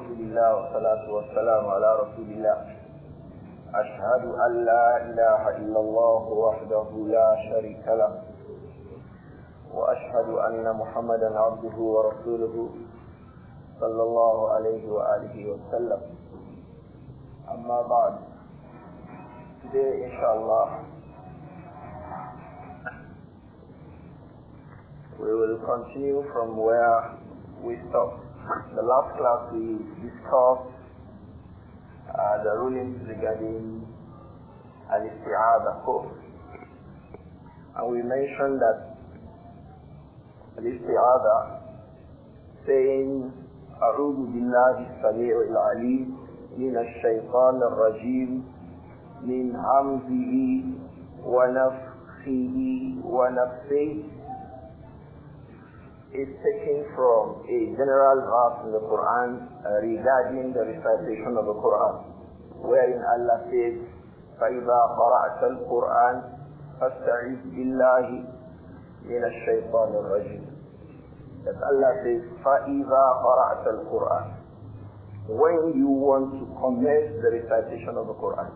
الحمد لله والصلاة والسلام على رسول الله أشهد أن لا إله إلا الله وحده لا شريك له وأشهد أن محمدا عبده ورسوله صلى الله عليه وآله وسلم أما بعد Today, إن شاء الله we will continue from where we stopped. The last class we discussed uh, the rulings regarding al-isti'adah and we mentioned that al-isti'adah saying أعوذ بالله السميع العليم من الشيطان الرجيم من همزه ونفخه ونفسه is taken from a general verse in the Quran uh, regarding the recitation of the Quran, wherein Allah says, فَإِذَا قَرَعَتِ الْقُرْآنَ فَاسْتَعِذْ بِاللَّهِ مِنَ الشَّيْطَانِ الرَّجِيمِ That Allah says, فَإِذَا قَرَعَتِ الْقُرْآنَ When you want to commence the recitation of the Quran,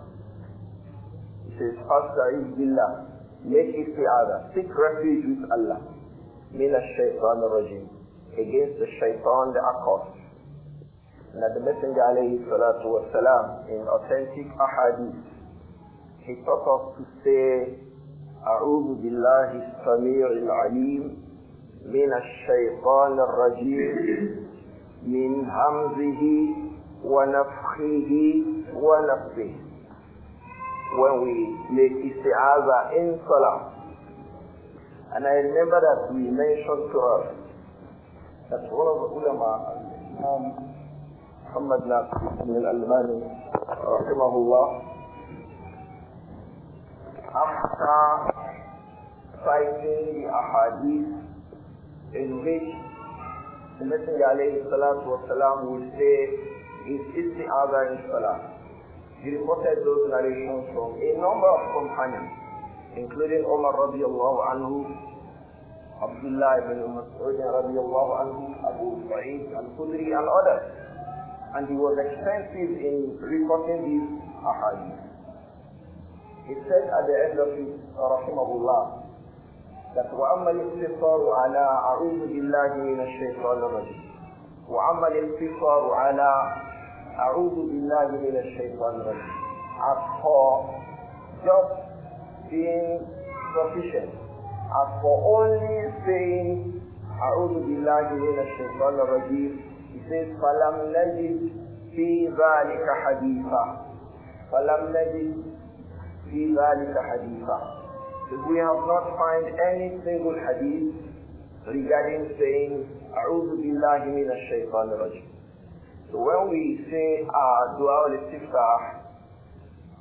it says, فَاسْتَعِذْ بِاللَّهِ Make it other. seek refuge with Allah. من الشيطان الرجيم against the shaitan the accursed. Now the Messenger alayhi salatu was salam in authentic ahadith he taught us to say أعوذ بالله السميع العليم من الشيطان الرجيم من همزه ونفخه ونفخه when we make isti'aza in salah And I remember that we mentioned to us that one of the ulama, Imam Muhammad Nasir al almani rahimahullah, after citing the ahadith in which the Messenger alayhi salatu wasalam would say, it is the other in salah. He reported those narrations from a number of companions including Umar radiallahu anhu, Abdullah ibn Mas'ud radiallahu anhu, Abu Sa'id al-Khudri and others. And he was extensive in reporting these ahadith. He said at the end of his rahimahullah that وَأَمَّا الْإِقْتِصَارُ عَلَىٰ أَعُوذُ بِاللَّهِ مِنَ الشَّيْطَانِ الرَّجِيمِ وَأَمَّا الْإِقْتِصَارُ عَلَىٰ أَعُوذُ بِاللَّهِ مِنَ الشَّيْطَانِ الرَّجِيمِ As for just being sufficient. As for only saying, أعوذ بالله من الشيطان الرجيم, he says, فَلَمْ نَجِدْ فِي ذَلِكَ حَدِيثًا فَلَمْ نَجِدْ فِي ذَلِكَ حَدِيثًا Because we have not found any single hadith regarding saying, أعوذ بالله من الشيطان الرجيم. So when we say uh, dua al-istiftah,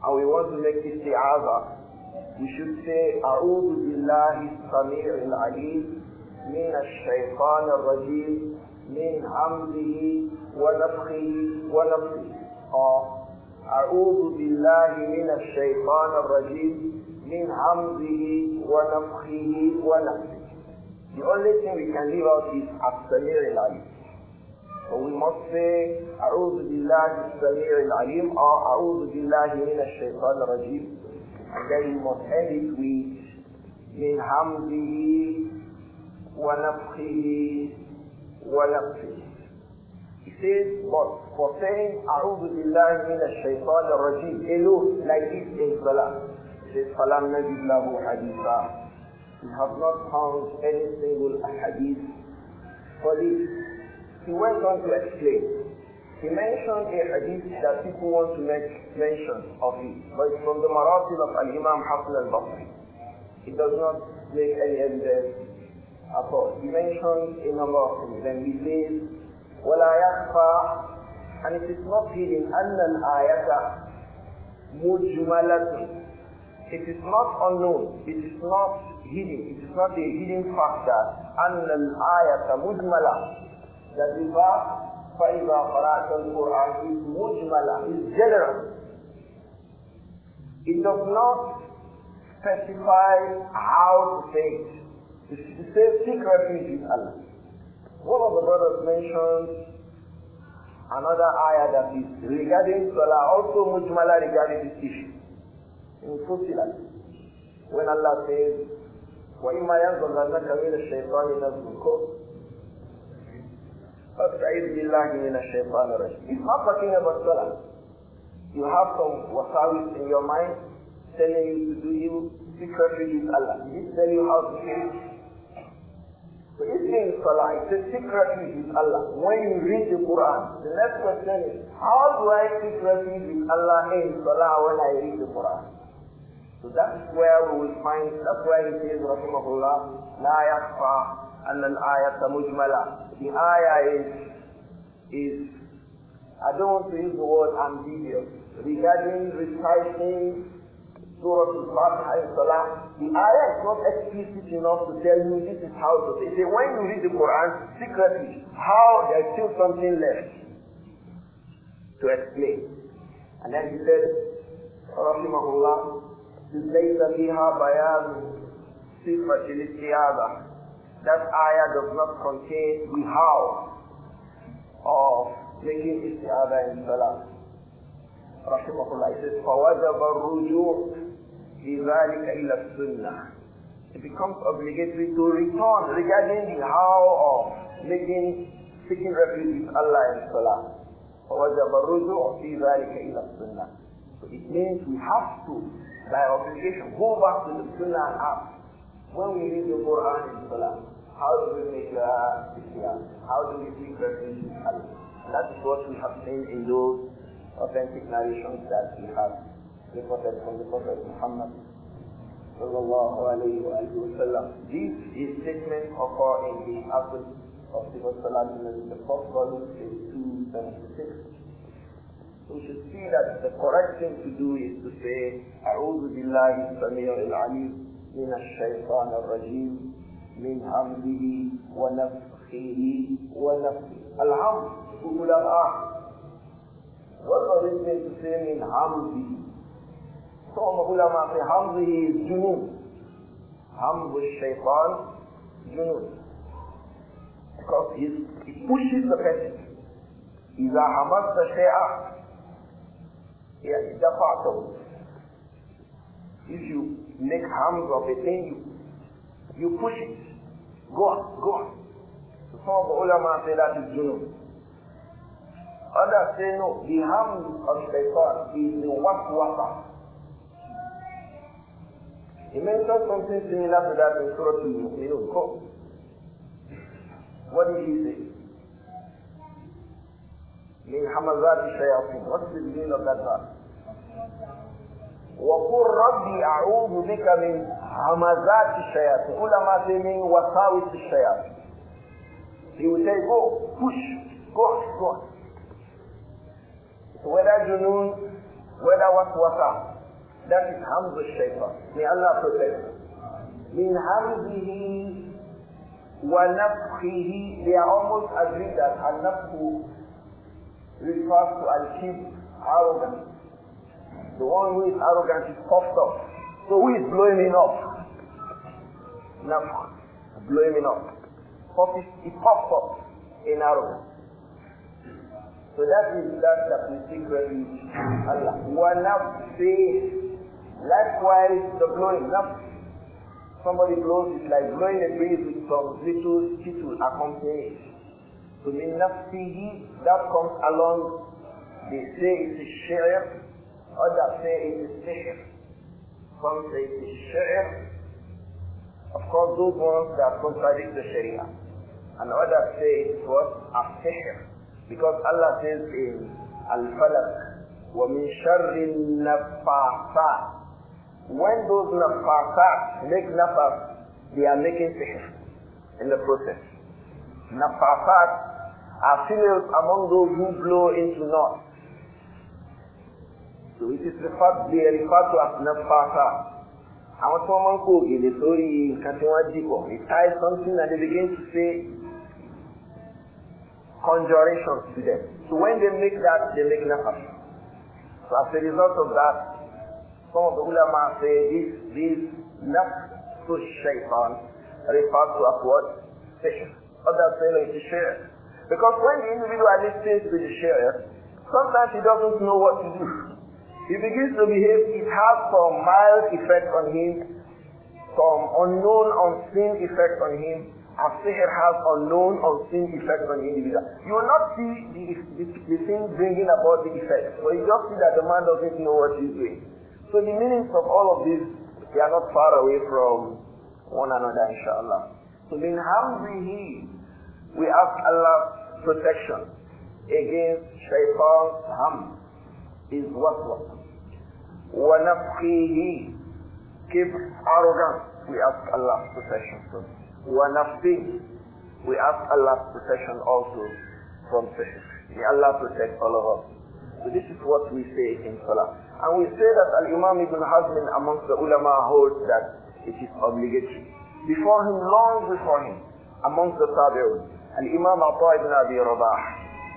and we want to make isti'aza, we should say, أعوذ بالله السميع العليم من الشيطان الرجيم من عمده ونفخه ونفخه or أعوذ بالله من الشيطان الرجيم من عمده ونفخه ونفخه The only thing we can leave out is السميع العليم So we must say أعوذ بالله السميع العليم or أعوذ بالله من الشيطان الرجيم and then we must end it with من حمده ونفخه ونفخه. He says, but for saying, أعوذ بالله من الشيطان الرجيم, alone, like this in Salah. He says, فلم نجد له حديثا. We have not found any single hadith for this. He went on to explain. He mentioned a hadith that people want to make mention of it, but it's from the maratil of Al-Imam Hafiz al-Basri. It does not make any evidence at all. He mentioned a number of things, and he says, وَلَا يَخْفَى And it is not hidden, أَنَّ الْآيَةَ مُجْمَلَةٌ It is not unknown, it is not hidden, it is not a hidden fact that أَنَّ الْآيَةَ مُجْمَلَةٌ That the verse فإذا قرأت القرآن is مجملة is general it does not specify how to say it it says seek refuge in Allah one of the brothers mentioned another ayah that is regarding Salah also mujmala regarding this issue in Fusilat when Allah says وَإِمَّا يَنْزَغَنَّكَ مِنَ الشَّيْطَانِ نَزْغٌ it's not talking about Salah. You have some wasawis in your mind telling you to do evil, seek refuge with Allah. Did tell you how to change. it? So it's in Salah, it's a secret refuge with Allah. When you read the Quran, the next question is, how do I seek refuge with Allah in Salah when I read the Quran? So that's where we will find, that's where he says, Rahimahullah, لا يخفى أن الآية مجملة. The ayah is, is, I don't want to use the word ambiguous. Regarding reciting Surah Al-Fatiha in Salah, the ayah is not explicit enough to tell you this is how to say. Say when you read the Quran secretly, how there's still something left to explain. And then he said, رحمه الله, ليس فيها بيان صفة الاستعاذة that ayah does not contain the how of making istiada in salah. Rasulullah it says, It becomes obligatory to return regarding the how of making, seeking refuge with Allah in salah. So it means we have to, by obligation, go back to the sunnah and ask, when we read the Quran in Salah, how do we make Dua this year? How do we frequently Allah? That is what we have seen in those authentic narrations that we have reported from the Prophet Muhammad sallallahu alayhi wa sallam. These, statements occur in the absence of the Prophet Salat the first volume, page 276. We should see that the correct thing to do is to say, أعوذ بالله السميع العليم من الشيطان الرجيم من همزه ونفخه ونفخه العمد جملة آه، الأحد وضرب من حسين من همزه ثم ما في همزه جنون همز الشيطان جنون because he pushes the passage إذا همزت شيئا يعني دفعته If you make harms of a thing, you, you push it. Go on, go on. So some of the ulama say that is junub. Others say no, the harm of the shaitan is the waswasa. He mentioned something similar to that in Surah Al-Mu'minun. Go. What did he say? من حمزات الشياطين. What's the meaning of that verse? وقل ربي أعوذ بك من همزات الشياطين علماء say من وساوس الشياطين He will say go push go go whether جنون whether وسوسة that is همز الشيطان may Allah protect من همزه ونفخه they are almost agreed that النفخ refers to al-kibr arrogance the one who is arrogant is puffed up. So who is blowing him up? Now, Blowing him up. Puffed, he puffed up in arrogance. So that is that that we seek refuge. Allah. saying, Likewise, the blowing Now, Somebody blows, it's like blowing a breeze with some little tittle accompanying it. So min nafsihi, that comes along, they say it's a share Others say it is sihr. Some say it is Of course, those ones that contradict the Sharia. And others say it is was a sihr Because Allah says in Al-Falaq, وَمِن شَرِّ النَّفَّاثَاتِ When those nafasat make nafas, they are making sihr in the process. Nafasat are females among those who blow into knots. so it is referred they refer to as nafasa àwọn tí wọ́n máa ń kó ògèlè sórí nǹkan tí wọ́n dìbò they tie something and they begin to say conjuration to them so when they make that they make nafasa so as a result of that some of the ulama say this this to shaitan refers to as what session others say no it is share because when the individual listens to the share sometimes he doesn't know what to do he begins to behave, it has some mild effect on him, some unknown, unseen effect on him, and sihr has unknown, unseen effect on the individual. You will not see the, the, the thing bringing about the effect, but you just see that the man doesn't know what he's doing. So the meanings of all of this, they are not far away from one another, inshallah. So in hamzihi, we ask Allah's protection against Shaytan's ham, is waswas. ونفخه give arrogance we ask Allah's protection from ونفخه we ask Allah's protection also from sin may Allah protect all of us so this is what we say in Salah and we say that Al-Imam Ibn Hazm amongst the ulama holds that it is obligatory before him long before him amongst the Tabi'un Al-Imam Atta ibn Abi Rabah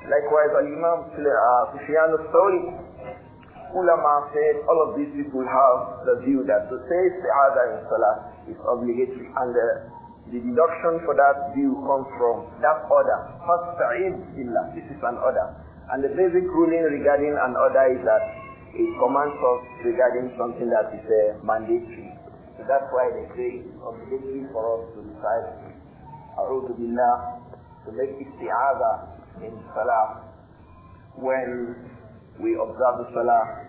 likewise Al-Imam Sufyan al-Thawri ulama said all of these people have the view that to say Isti'aza in Salah is obligatory and the, the, deduction for that view comes from that order. Fasta'id billah. This is an order. And the basic ruling regarding an order is that it commands us regarding something that is a uh, mandatory. So that's why they say it's obligatory for us to decide, A'udhu Billah, to make Isti'aza in Salah when we observe the Salah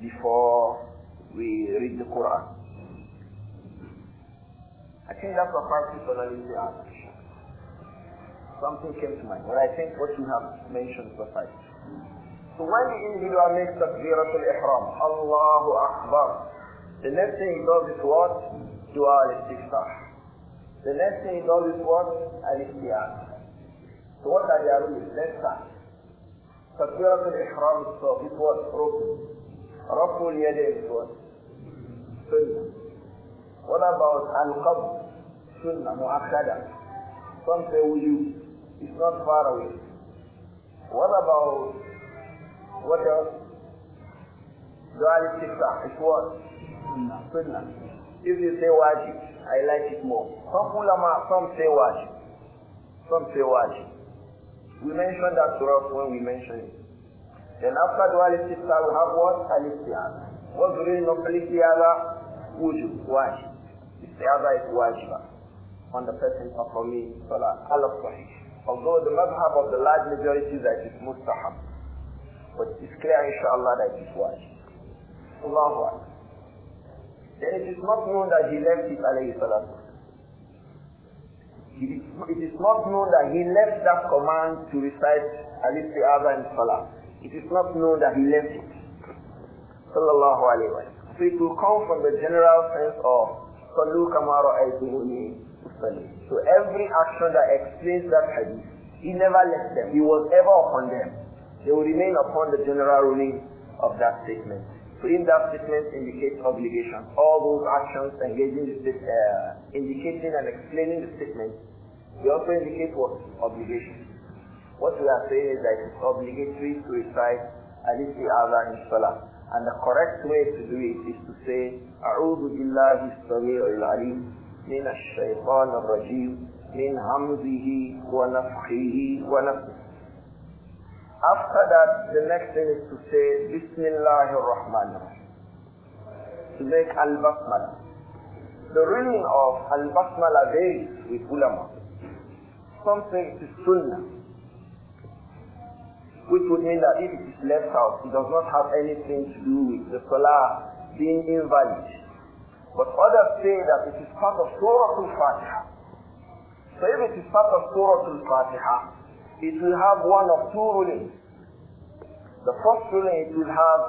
before we read the Quran. I think that's what five people are usually asked. Something came to mind, but I think what you have mentioned suffices. So when the individual makes takbiratul ihram, Allahu Akbar, the next thing he does is what? Dua al-istiftah. The next thing he does is what? Al-istiyah. So what are the rules? Let's start. تكبيرة الإحرام السابقة ركن رفع اليدين سنة ونبعد عن قبل سنة مؤكدة صمت وجود is not far away what about what else dualistic is what sunnah if you say wajib I like it more some ulama some say wajib some say wajib We mentioned that to us when we mentioned it. Then after dua al-istifta, we have what? Al-istiaza. What's the reason of other istiaza Wujub, wajib. is wajiba on the person performing salah Allah sahih Although the madhab of the large majority that is mustahab. But it's clear inshallah that it's wajib. Allahu Akbar. Then it is not known that he left it alayhi salatu it is not known that he left that command to recite Al-Isti'adha and Salah. It is not known that he left it. Sallallahu alayhi wa So it will come from the general sense of Sallu kamara aytuhuni So every action that explains that hadith, he never left them. He was ever upon them. They will remain upon the general ruling of that statement. So in that statement indicates obligation, all those actions engaging the, uh, indicating and explaining the statement we also indicate what obligation. What we are saying is that it's obligatory to recite Al-Isti'adha in Salah. And the correct way to do it is to say, أعوذ بالله السميع العليم من الشيطان الرجيم من همزه Wa ونفخه. After that, the next thing is to say, Bismillah ar-Rahman ar-Rahim. To make Al-Basmala. The reading of Al-Basmala varies with ulama something it is sunnah, which would mean that if it is left out, it does not have anything to do with the salah being invalid. But others say that it is part of Surah Al-Fatiha. So if it is part of Surah Al-Fatiha, it will have one of two rulings. The first ruling it will have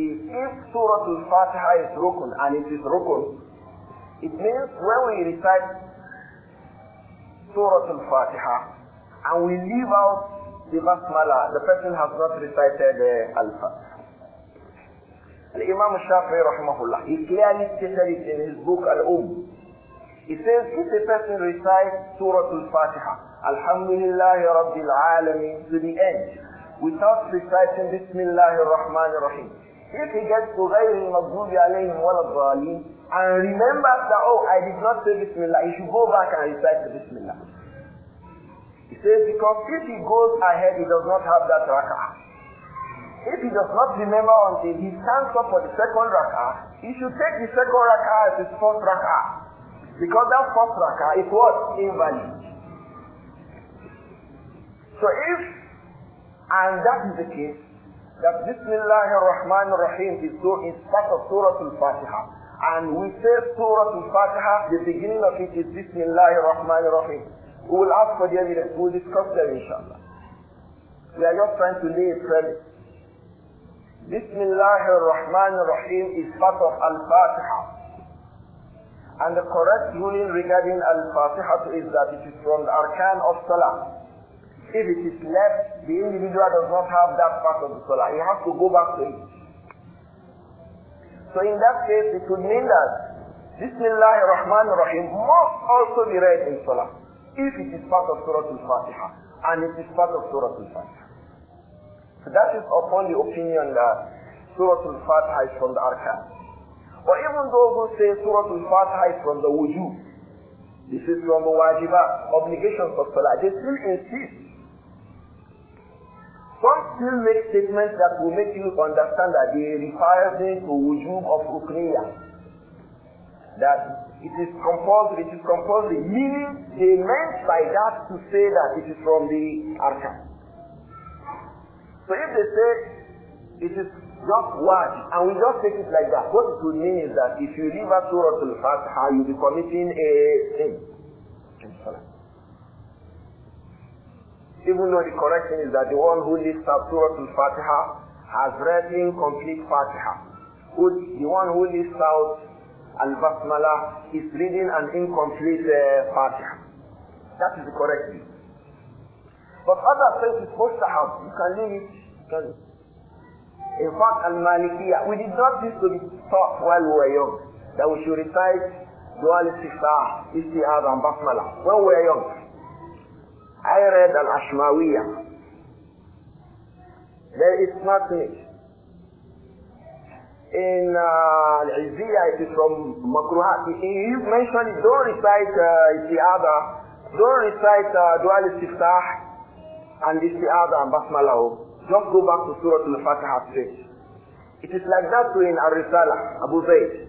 is if Surah Al-Fatiha is rukun, and it is rukun, it means when we recite Surah Al-Fatiha and we leave out the Basmala, the person has not recited the Al-Fatiha. Imam Shafi'i rahimahullah, he clearly stated it in his book Al-Umm. He says if a person recites Surah Al-Fatiha, Alhamdulillah Rabbil Alameen to the end, without reciting Bismillah ar-Rahman ar-Rahim, if he gets to غير المغضوب عليهم ولا الضالين, and remembers that, oh, I did not say Bismillah, he should go back and recite the Bismillah. He says, because if he goes ahead, he does not have that rak'ah. If he does not remember until he stands up for the second rak'ah, he should take the second rak'ah as his first rak'ah. Because that first rak'ah is what? Invalid. So if, and that is the case, that Bismillahir Rahman Rahim is, so, is part of Surah Al-Fatiha, and we say Surah Al-Fatiha, the beginning of it is Bismillah ar-Rahman rahim We will ask for the evidence, we will discuss them inshallah. We are just trying to lay a premise. Bismillah ar-Rahman rahim is part of Al-Fatiha. And the correct ruling regarding Al-Fatiha is that it is from the Arkan of Salah. If it is left, the individual does not have that part of the Salah. He has to go back to it. So in that case, it would mean that Bismillah ar-Rahman ar-Rahim must also be read in Salah if it is part of Surah Al-Fatiha and it is part of Surah Al-Fatiha. So that is upon the opinion that Surah Al-Fatiha is from the Arkan. Or even those who say Surah Al-Fatiha is from the Wujud, this is from the Wajibah, obligations of Salah, they still insist some still makes statements that will make you understand that they require them to wujub of Ukriya. That it is compulsory, it is compulsory, meaning they meant by that to say that it is from the archangel. So if they say it is just word, and we just take it like that, what it would mean is that if you leave a Surah al how you'll be committing a sin. even though the correction is that the one who leads up Surah Al-Fatiha has read incomplete Fatiha. The one who leads out Al-Basmala is reading an incomplete uh, Fatiha. That is the correct view. But other things is mustahab. You can leave it. Can. In fact, al malikiya we did not used to be taught while we were young that we should recite Dua al-Istiftah, Istihad and Basmala when we were young. I read Al-Ashmawiyah. There is nothing. In uh, Al-Izziyah, is from Makruhat. You mentioned it, don't recite uh, Istiada, don't recite uh, Dual Istiftah and Istiada and Basmalah. Just go back to Surah Al-Fatiha straight. It is like that too in Al-Risala, Abu Zayd,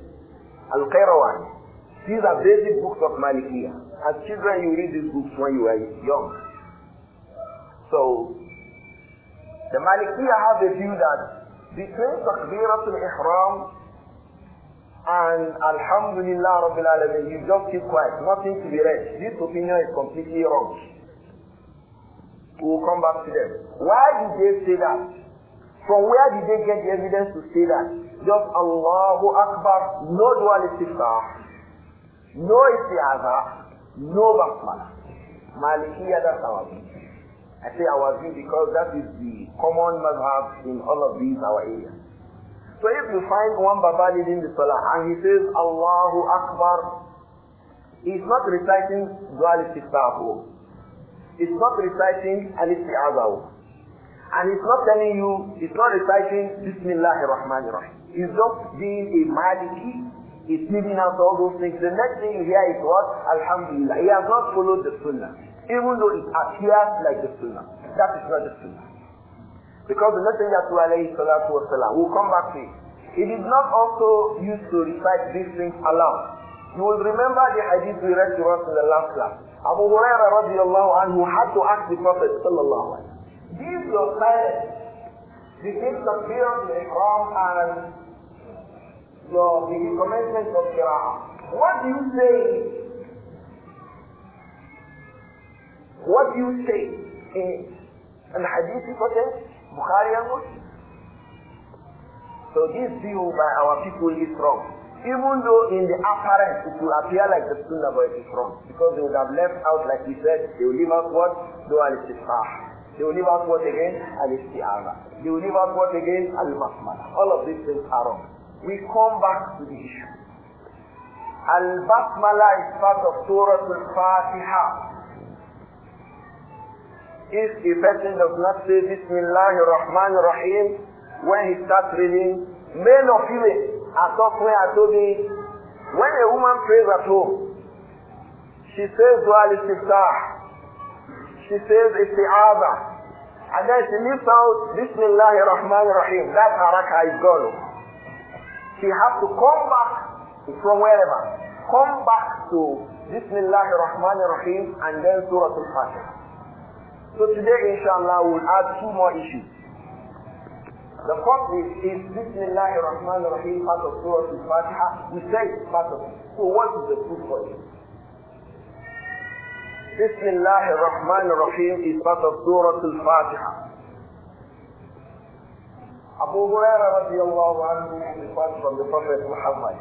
Al-Qayrawan. These are basic books of Malikiya. As children, you read these books when you are young. So, the Malikiya have a view that between Takbiratul Ihram and Alhamdulillah Rabbil Alameen, you just keep quiet, nothing to be read. This opinion is completely wrong. We will come back to them. Why did they say that? From where did they get the evidence to say that? Just Allahu Akbar, no dualistic no istiaza, no basmala. Malikiya, that's our view. I say our view because that is the common mazhab in all of these our areas. So if you find one Baba leading the Salah and he says Allahu Akbar, he's not reciting dualistic Tahu. He's not reciting Al-Isti'azahu. And he's not telling you, he's not reciting Bismillahir Rahmanir Rahim. He's just being a Maliki He's giving out all those things. The next thing you hear is what? Alhamdulillah. He has not followed the Sunnah even though it appears like the sunnah. That is not the sunnah. Because the Messenger to Allah is to Allah. we will come back to it. It is not also used to recite these things aloud. You will remember the hadith we read to us in the last class. Abu Huraira radiallahu anhu had to ask the Prophet sallallahu alayhi These your silence between takbir the ihram and your the commencement of qira'ah. What do you say What you say is الحديث contains Bukhari and Muslim. So this view by our people is wrong. Even though in the apparent it will appear like the sunnah, but it is wrong. Because they would have left out, like we said, they will leave out what? Do al-istifah. They will leave out what again? Al-isti'ara. They will leave out what again? Al-masmala. All of these things are wrong. We come back to the issue. Al-basmala is part of Surah al-Fatiha. If a person does not say Bismillah Rahman Rahim when he starts reading, male or female, atokwe me, when a woman prays at home, she says Dua al-Istiftah, she says Isti'adha, and then she leaves out Bismillah Rahman Rahim. That haraka is gone. She has to come back from wherever. Come back to Bismillah Rahman Rahim and then Surah Al-Fatiha. So today, inshallah, we'll add two more issues. The first is, is Bismillah ar-Rahman ar-Rahim, part of Surah Al-Fatiha. We say it's part of it. So what is the proof for it? Bismillah ar-Rahman ar-Rahim is part of Surah Al-Fatiha. Abu Huraira radiallahu anhu reports from the Prophet Muhammad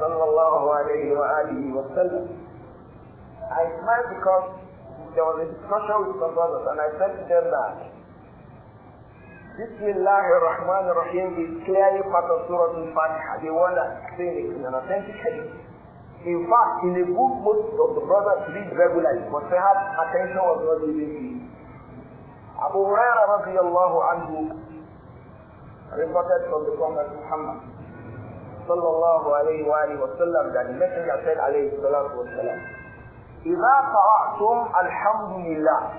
sallallahu alayhi wa alihi wa sallam. I smile because there was a discussion with some brothers, and I said to them that Bismillah ar-Rahman rahim is clearly part of Surah Al-Fatiha, the one that saying it in an authentic hadith. In fact, in a book most of the brothers read regularly, but perhaps attention was not given to Abu Hurairah radiallahu anhu reported from the Prophet Muhammad sallallahu alayhi wa sallam that the Messenger said alayhi salatu wa sallam, إذا قرأتم الحمد لله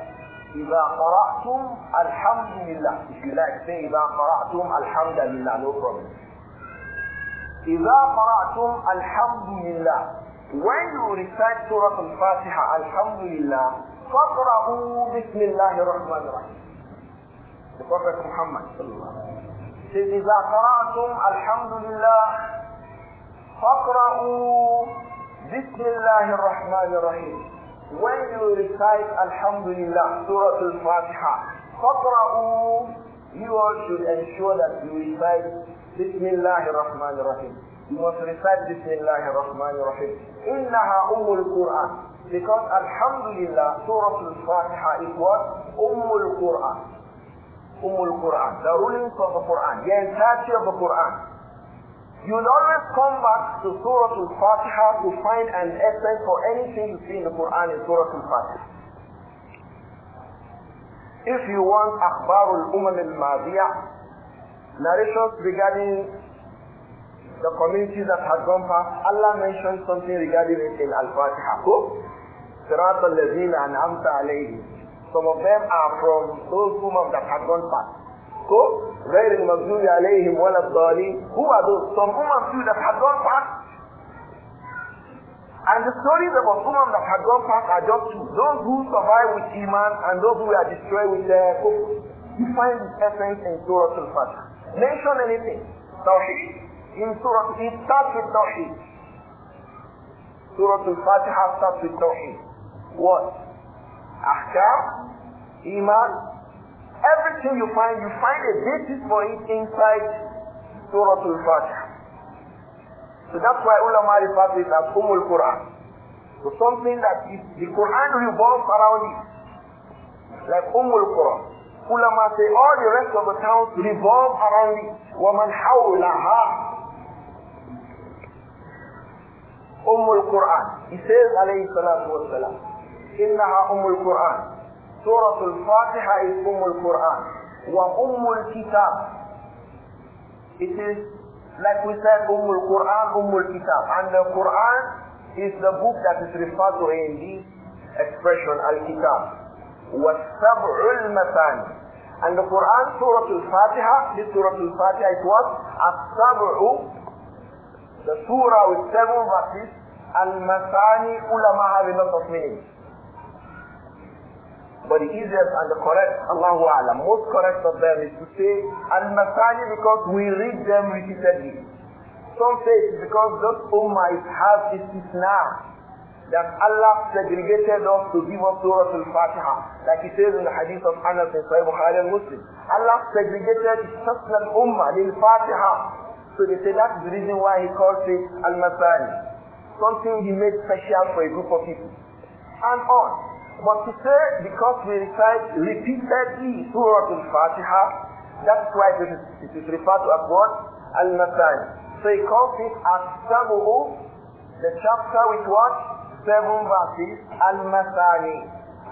إذا قرأتم الحمد لله بسم الله like إذا قرأتم الحمد لله no problem إذا قرأتم الحمد لله when you recite سورة الفاتحة الحمد لله فاقرأوا بسم الله الرحمن الرحيم The Prophet Muhammad says إذا قرأتم الحمد لله فاقرأوا Bismillah ar-Rahman ar-Rahim. When you recite Alhamdulillah, Surah Al-Fatiha, فَقْرَأُوا You all should ensure that you recite Bismillah ar-Rahman ar-Rahim. You must recite Bismillah ar-Rahman ar-Rahim. إِنَّهَا أُمُّ الْقُرْآنِ Because Alhamdulillah, Surah Al-Fatiha is what? أُمُّ الْقُرْآنِ. أُمُّ الْقُرْآنِ. The rulings of the Qur'an. The entirety of the Qur'an. You will always come back to Surah Al-Fatiha to find an essence for anything you see in the Quran in Surah Al-Fatiha. If you want Akhbar al-Umam al-Madiyah, narrations regarding the communities that had gone past, Allah mentioned something regarding it in Al-Fatiha. al and Some of them are from those women that had gone past. ko غير المغضوب عليهم ولا الضالين هو are those some Umam too that had gone and the stories about Umam that had gone past are just two those who survive with Iman and those who are destroyed with their uh, you find the essence in Surah Al-Fatih mention anything Tawheed in Surah it starts with Tawheed Surah Al-Fatiha starts with Tawheed what? Ahkam Iman Everything you find, you find a basis for it inside Surah Al-Fatiha. So that's why ulama refer to it as Umul Quran. So something that is, the Quran revolves around it. Like Umul Quran. Ulama say all the rest of the towns revolve around it. وَمَنْ حَوْلَهَا Umul Quran. He says alayhi salatu wasalam. إنها أم القرآن Surah Al-Fatiha is Ummul Quran. Wa Ummul Kitab. It is, like we said, Ummul Quran, Ummul Kitab. And the Quran is the book that is referred to in this expression, Al-Kitab. وَالسَّبْعُ الْمَثَانِ and the Quran, Surah Al-Fatiha, this Surah Al-Fatiha, it was As-Sab'u, the Surah with seven verses, Al-Masani, ulama have a lot of meanings. But the easiest and the correct, Allahu A'lam, most correct of them is to say Al-Masani because we read them repeatedly. Some say it's because this Ummah is half istisna, that Allah segregated us to give us Surah Al-Fatiha, like he says in the hadith of Anas in Sahih Bukhari and Muslim. Allah segregated Shasna Ummah, Al-Fatiha. So they say that's the reason why he calls it Al-Masani, something he made special for a group of people. And on. But he said, because we recite repeatedly Surah Al-Fatiha, that's why it is, it is referred to as what? Al-Matan. So he calls it as Samu'u, the chapter with what? Seven verses, Al-Masani.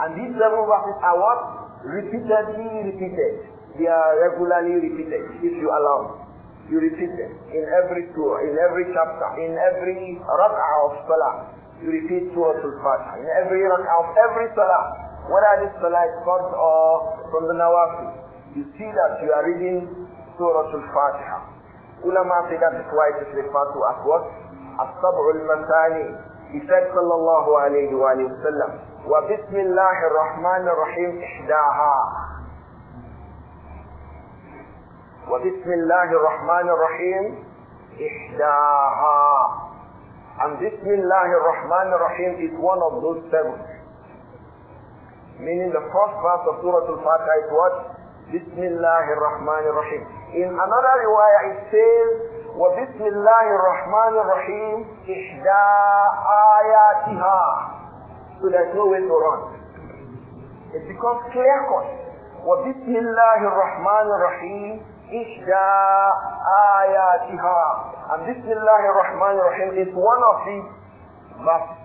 And these seven verses are what? Repeatedly repeated. They are regularly repeated, if you allow. You repeat them in every tour, in every chapter, in every rak'ah of salah you repeat Surah Al-Fatiha. In every rak'ah, every salah, whether this salah is or from the nawafil, you see that you are reading Surah Al-Fatiha. Ulama say that is why it is referred to as what? As-Sab'u al-Masani. He said sallallahu alayhi wa sallam, وَبِسْمِ اللَّهِ الرَّحْمَنِ الرَّحِيمِ إِحْدَاهَا وبسم الله الرحمن الرحيم إحداها and this ar-Rahman rahim is one of those seven. Meaning the first verse of Surah Al-Fatiha is what? Bismillah ar rahim In another riwayah it says, Wa اللَّهِ الرَّحْمَنِ الرَّحِيمِ إِحْدَى آيَاتِهَا So there's no way to run. It becomes clear cut. وَبِسْمِ اللَّهِ الرَّحْمَنِ Isha Ayatiha. And Bismillah ar rahim is one of the verses.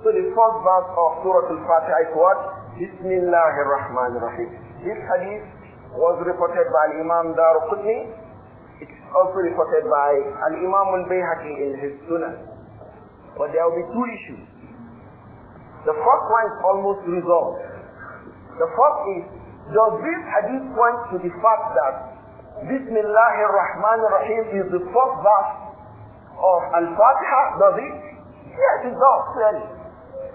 So the first verse of Surah Al-Fatiha is what? Bismillah ar rahim This hadith was reported by Imam Dar Qutni. It's also reported by Al-Imam Al-Bayhaqi in his Sunnah. But there will be two issues. The first one is almost resolved. The first is, does this hadith point to the fact that Bismillah ar-Rahman ar-Rahim is the fourth verse of Al-Fatiha, does it? Yes, it does, clearly.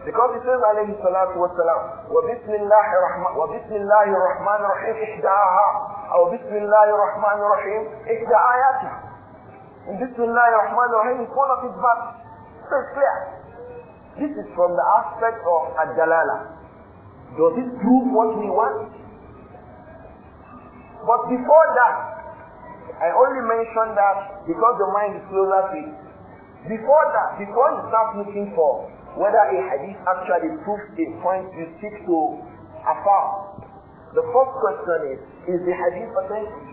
Because it says alayhi salatu wasalam, وَبِسْمِ اللَّهِ الرَّحْمَنِ وَبِسْمِ اللَّهِ الرَّحْمَنِ الرَّحِيمِ or Bismillahi بِسْمِ اللَّهِ الرَّحْمَنِ الرَّحِيمِ إِحْدَى آيَاتِهَا In بِسْمِ اللَّهِ الرَّحْمَنِ الرَّحِيمِ is one of his verses. So it's clear. This is from the aspect of ad-dalala. Does it prove what we want? But before that, I only mention that because the mind is closer to it. Before that, before you start looking for whether a hadith actually proves a point, you seek to affirm. The first question is, is the hadith authentic?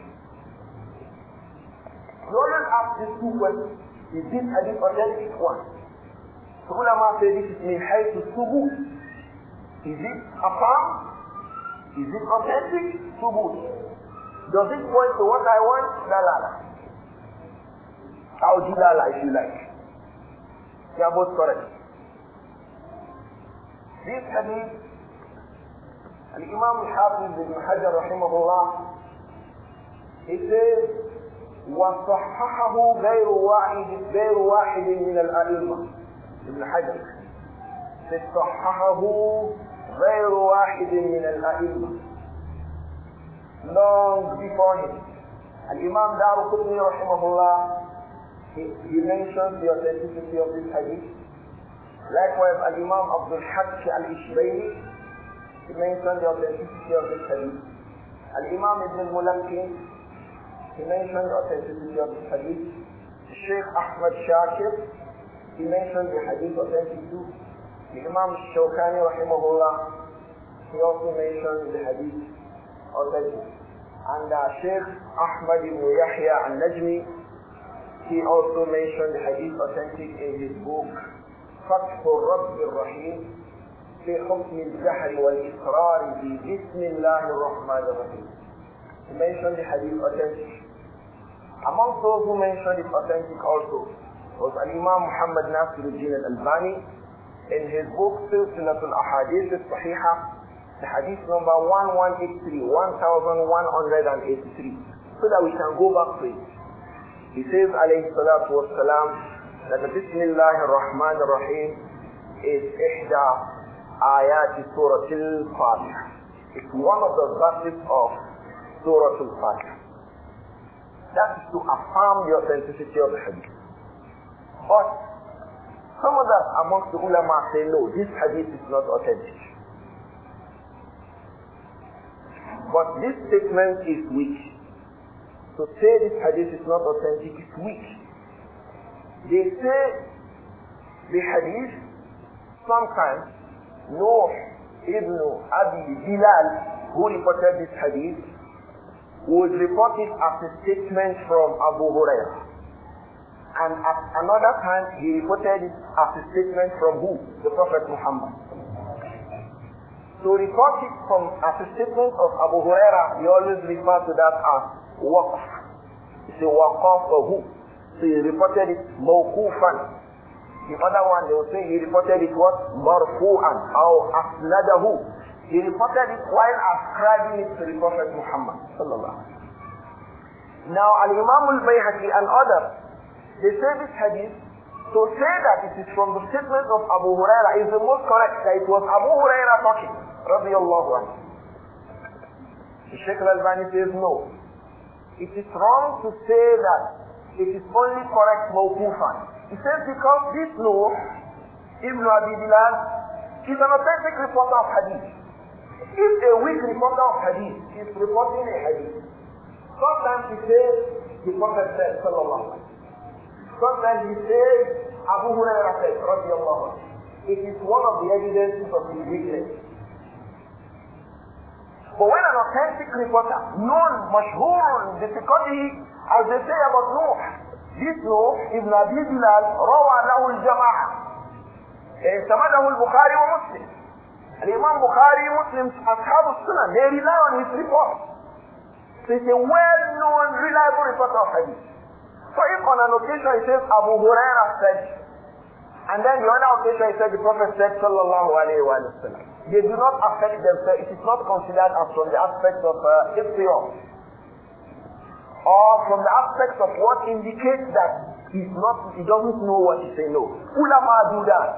You always ask these two questions. Is this hadith authentic? One. The ulama say this is min haythu subut. Is it affirmed? Is it authentic? Subut. Does it point to what I want? la. I'll do la if you like. They are both correct. This hadith, and imam Al-Hafiz ibn Hajar rahimahullah, he says, وصححه غير واحد غير واحد من الأئمة ابن حجر صححه غير واحد من الأئمة long before him. And Imam Daruqutni rahimahullah, he, he mentions the authenticity of this hadith. Likewise, Al-Imam Abdul Haqq al-Ishbayli, he mentioned the authenticity of this hadith. Al-Imam Ibn al he mentioned the authenticity of this hadith. Sheikh Ahmad Shakir, he mentioned the hadith authenticity. The Imam Shawkani rahimahullah, he also mentioned the hadith authenticity. And uh, Sheikh Ahmad ibn Yahya al-Najmi, he also mentioned hadith authentic in his book, فتح الرب الرحيم في حكم الجهل والإصرار في بسم الله rahman الرحيم. He mentioned the hadith authentic. Among those who mentioned it authentic also was Al-Imam Muhammad al-Din al-Albani in his book Silsilatul Ahadith al-Sahihah the hadith number 1183, 1183, so that we can go back to it. He says, alayhi salatu wassalam, that the Bismillah ar-Rahman ar-Rahim is ihda ayati surah al-Fatiha. It's one of the verses of surah al-Fatiha. That is to affirm the authenticity of the hadith. But some of us amongst the ulama say, no, this hadith is not authentic. But this statement is weak. To say this hadith is not authentic is weak. They say the hadith sometimes Noah ibn Abi Bilal who reported this hadith would report it as a statement from Abu Hurairah. And at another time he reported it as a statement from who? The Prophet Muhammad. To report it from as a statement of Abu Huraira, we always refer to that as waqf. It's a waqf or who. So he reported it mawkufan. The other one, they will say he reported it what? Marfu'an or asnadahu. He reported it while ascribing it to the Prophet Muhammad sallallahu Now, Al-Imam Al-Bayhaqi and others, they say this hadith to say that it is from the statement of Abu Huraira is the most correct, that it was Abu Huraira talking, radiallahu anhu. Sheikh al-Albani says no. It is wrong to say that it is only correct mawkufan. He says because this law, Ibn Abi Bilal, is an authentic reporter of hadith. If a weak reporter of hadith is reporting a hadith, sometimes he says, the Prophet said, sallallahu just like he says, Abu Hurairah said, radiallahu it is one of the evidences of his weakness. But when an authentic reporter, known, mashhurun, difficulty, as they say about Nuh, this Nuh, Ibn Abi Bilal, rawa lahu al-jama'ah. Eh, Muslim. البخاري Imam Bukhari Muslim ومسلم أصحاب السنن they rely on his report so it's a well-known reliable report of hadith so if on an occasion he says Abu Huraira said, and then the other occasion he said the Prophet said sallallahu they do not affect themselves. It is not considered as from the aspect of uh, Or from the aspect of what indicates that he's not, he doesn't know what he's saying. No. Ulama do that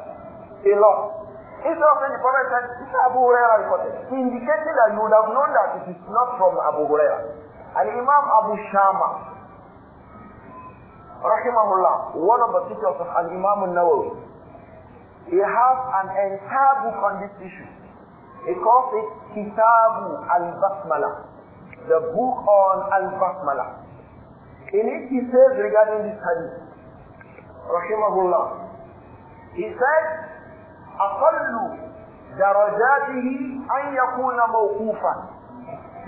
a lot. Instead of saying the Prophet said, this Abu Huraira reported. He indicated that you would have known that it is not from Abu Huraira. And Imam Abu Shama, rahimahullah, one of the teachers of imam al-Nawawi, he has an entire book on this issue. He calls it Kitabu al-Basmala, the book on al-Basmala. In it he says regarding this hadith, rahimahullah, he says, أقل درجاته أن يكون موقوفا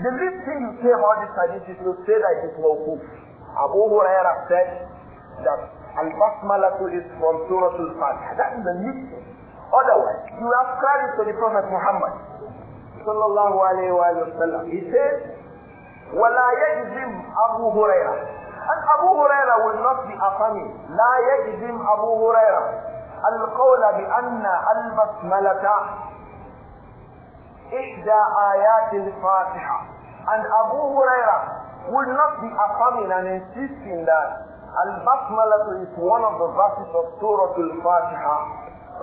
The least thing you say about this hadith is to say that it is mawkuf. Abu Hurairah said, that Al-Basmala is from Surah Al-Fatiha. That is a mixture. Otherwise, you ascribe it to the Prophet Muhammad. Sallallahu alayhi wa sallam. He said, وَلَا يَجْزِمْ أَبُو هُرَيْرَةَ And Abu Huraira will not be affirming. لا يجزم أبو هريرة القول بأن البسملة إحدى آيات الفاتحة. And Abu Huraira will not be affirming and insisting that Al-Basmala is one of the verses of Surah Al-Fatiha,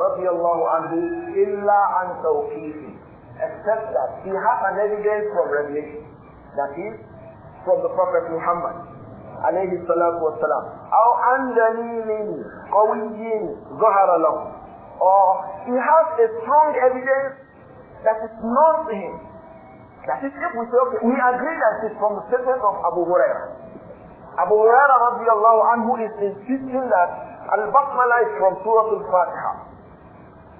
radiallahu anhu, illa an tawqifi. Except that he has an evidence from revelation. That is, from the Prophet Muhammad, alayhi salatu wasalam. Aw an dalilin qawiyyin zahara lahu. Or he has a strong evidence that is known to him. That is, if we say, okay, we agree that it's from the statement of Abu Hurairah. Abu Huraira radiallahu anhu is insisting that Al-Basmala is from Surah Al-Fatiha.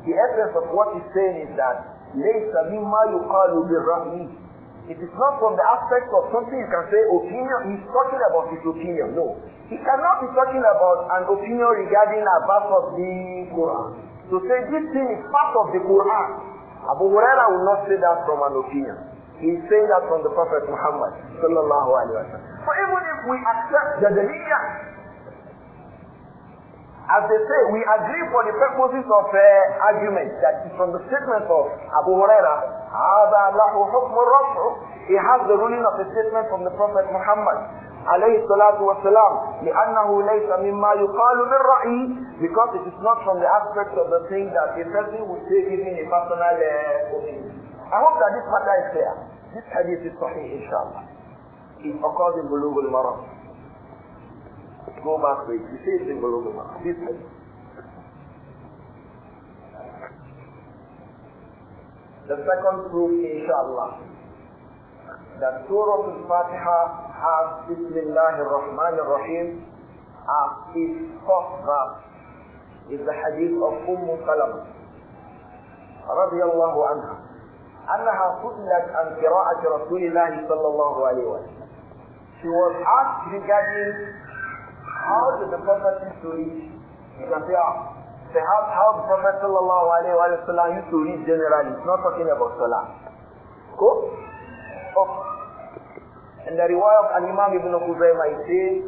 The essence of what he's saying is that لَيْسَ مِمَّا يُقَالُ بِالرَّأْيِ it is not from the aspect of something you can say opinion. He's talking about his opinion. No. He cannot be talking about an opinion regarding a part of the Quran. To say this thing is part of the Quran. Abu Huraira will not say that from an opinion. He's saying that from the Prophet Muhammad sallallahu alaihi wasallam. So even if we accept the Jadaliya, as they say, we agree for the purposes of uh, argument that is from the statement of Abu Huraira, He has the ruling of the statement from the Prophet Muhammad عليه الصلاة والسلام لأنه ليس مما يقال بالرأي because it is not from the aspect of the thing that the person would say giving a personal uh, opinion. I hope that this matter is clear. This hadith is sahih inshallah. في أقاد بلوغ المرض go back way he says in بلوغ المرض في the second proof inshallah that Surah Al-Fatiha has Bismillah ar-Rahman ar-Rahim as its first verse is the hadith of Umm Salam رضي الله عنها أنها سئلت عن قراءة رسول الله صلى الله عليه وسلم He was asked regarding how did the Prophet used to reach? You can say, ah, how the Prophet sallallahu alayhi wa sallam used to read generally. It's not talking about salah. Go. ok. Oh. And the reward of Al-Imam Ibn Khuzaymah it says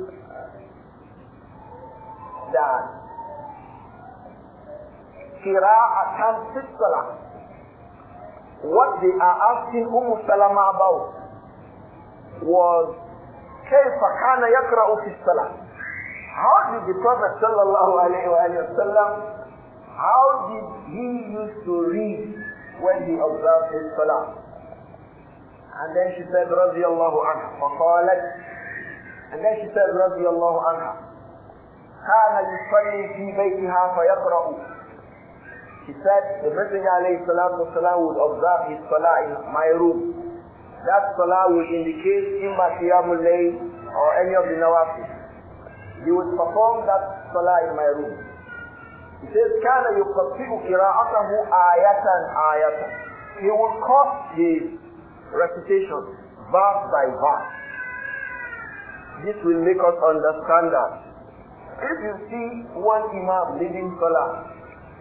that Qira'atan fit salah. What they are asking Umm Salama about was كيف كان يقرأ في الصلاة how did the Prophet صلى الله عليه وآله وسلم how did he used to read when he observed his salah and then she said رضي الله عنها فقالت and then she said رضي الله عنها كان يصلي في بيتها فيقرأ She said, the Messenger alayhi would observe his salah in my room. That salah will indicate immaterial lay or any of the nawafis. He will perform that salah in my room. He says, كَانَ يُقَطِّئُ قِرَاءَتَهُ ayatan ayatan." He will cut the recitation, verse by verse. This will make us understand that if you see one imam leading salah,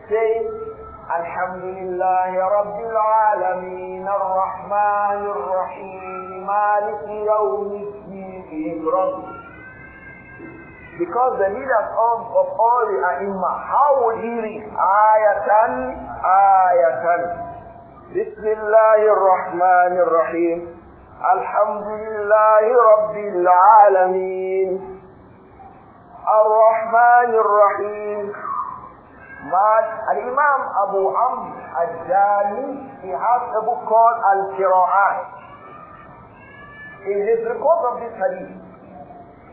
say. الحمد لله رب العالمين الرحمن الرحيم مالك يوم الدين رب Because the leaders of, of all the Aima, how would he read? Ayatan, ayatan. ar-Rahman Rahmanir Rahim. Alhamdulillahi Rabbil Alameen. Ar-Rahmanir Rahim. but Imam Abu أبو al Jani he has a book called Al-Qira'at in his record of this hadith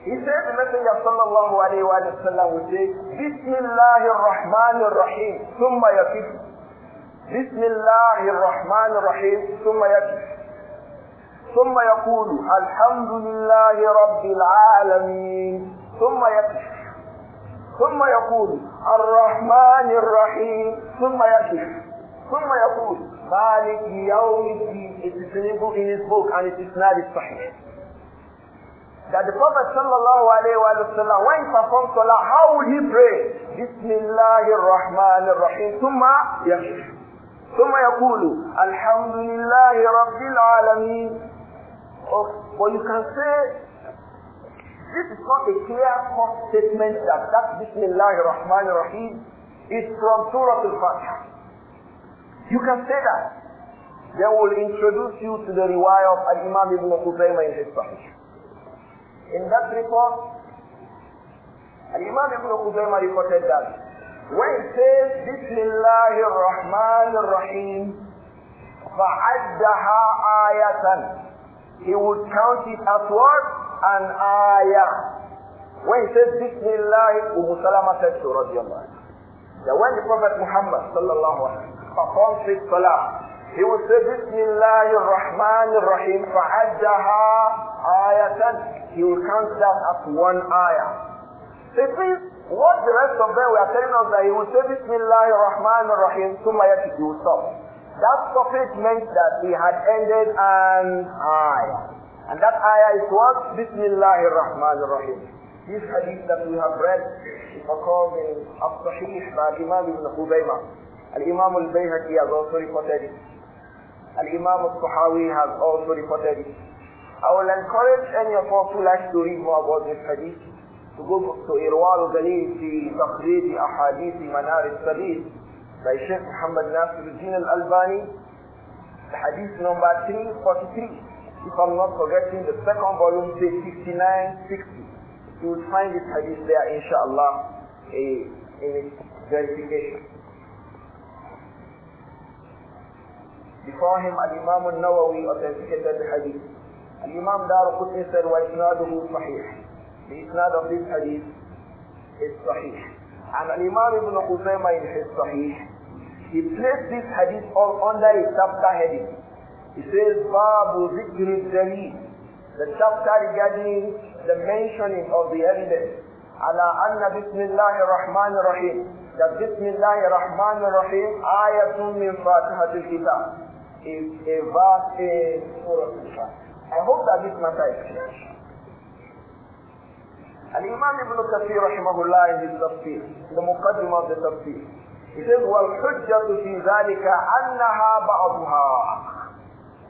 he said the messenger sallallahu alayhi wa sallam would say Bismillah ar-Rahman ar-Rahim ثم يكف بسم الله الرحمن الرحيم ثم يكف ثم يقول الحمد لله رب العالمين ثم يكف ثم يقول الرحمن الرحيم ثم يكشف ثم يقول مالك يوم الدين it is in his book and it is not صحيح that the Prophet sallallahu alayhi wa sallam when he performed salah how would he pray بسم الله الرحمن الرحيم ثم يكشف ثم يقول الحمد لله رب العالمين oh, but you can say This is not a clear-cut statement that that Bismillah ar-Rahman ar-Rahim is from Surah Al-Fatiha. You can say that. They will introduce you to the riwayah of Al-Imam Ibn Qutaymah in his Sahih. In that report, Al-Imam Ibn Qutaymah reported that when he says Bismillah ar-Rahman ar-Rahim, فَعَدَّهَا آيَةً He would count it as what? an ayah. When he says Bismillah, Umm Salama said to radiallahu that when the Prophet Muhammad sallallahu alaihi performs his salah, he will say Bismillah ar-Rahman ar-Rahim fa'addaha ayatan. He will count that as one ayah. So please, what the rest of them were telling us that he will say Bismillah ar-Rahman ar-Rahim summa yatid, he will stop. That prophet meant that he had ended an ayah. And that ayah is what? Bismillahir Rahmanir Rahim. This hadith that we have read is recorded in al sahih by Imam Ibn Khuzaimah. Al-Imam Al-Bayhaqi has also reported it. Al-Imam Al-Tuhawi has also reported it. I will encourage any of us who like to read more about this hadith to go to Irwal Galil في تخريج Manar, منار السبيل by Sheikh Muhammad Nasruddin Al-Albani, the hadith number 343. If I'm not forgetting, the second volume, page 59, 60. You will find this hadith there, inshallah, a, in its verification. Before him, Al-Imam al-Nawawi authenticated the hadith. Al-Imam Dar Qutni said, وَإِسْنَادُهُ صَحِيحٌ The isnad of this hadith is sahih. And Imam Ibn Qusaymah in his Sahih, he placed this hadith all under a chapter heading. says Bab Babu Zikri Dalil, the chapter regarding the mentioning of the evidence. Ala anna بسم الله rahim. that بسم الله rahim ayatun min من فاتحة الكتاب is a vast a Surah of fatiha I hope that this matter is clear. الإمام ابن كثير رحمه الله في التفسير the مقدمة في التفسير he says والحجة في ذلك أنها بعضها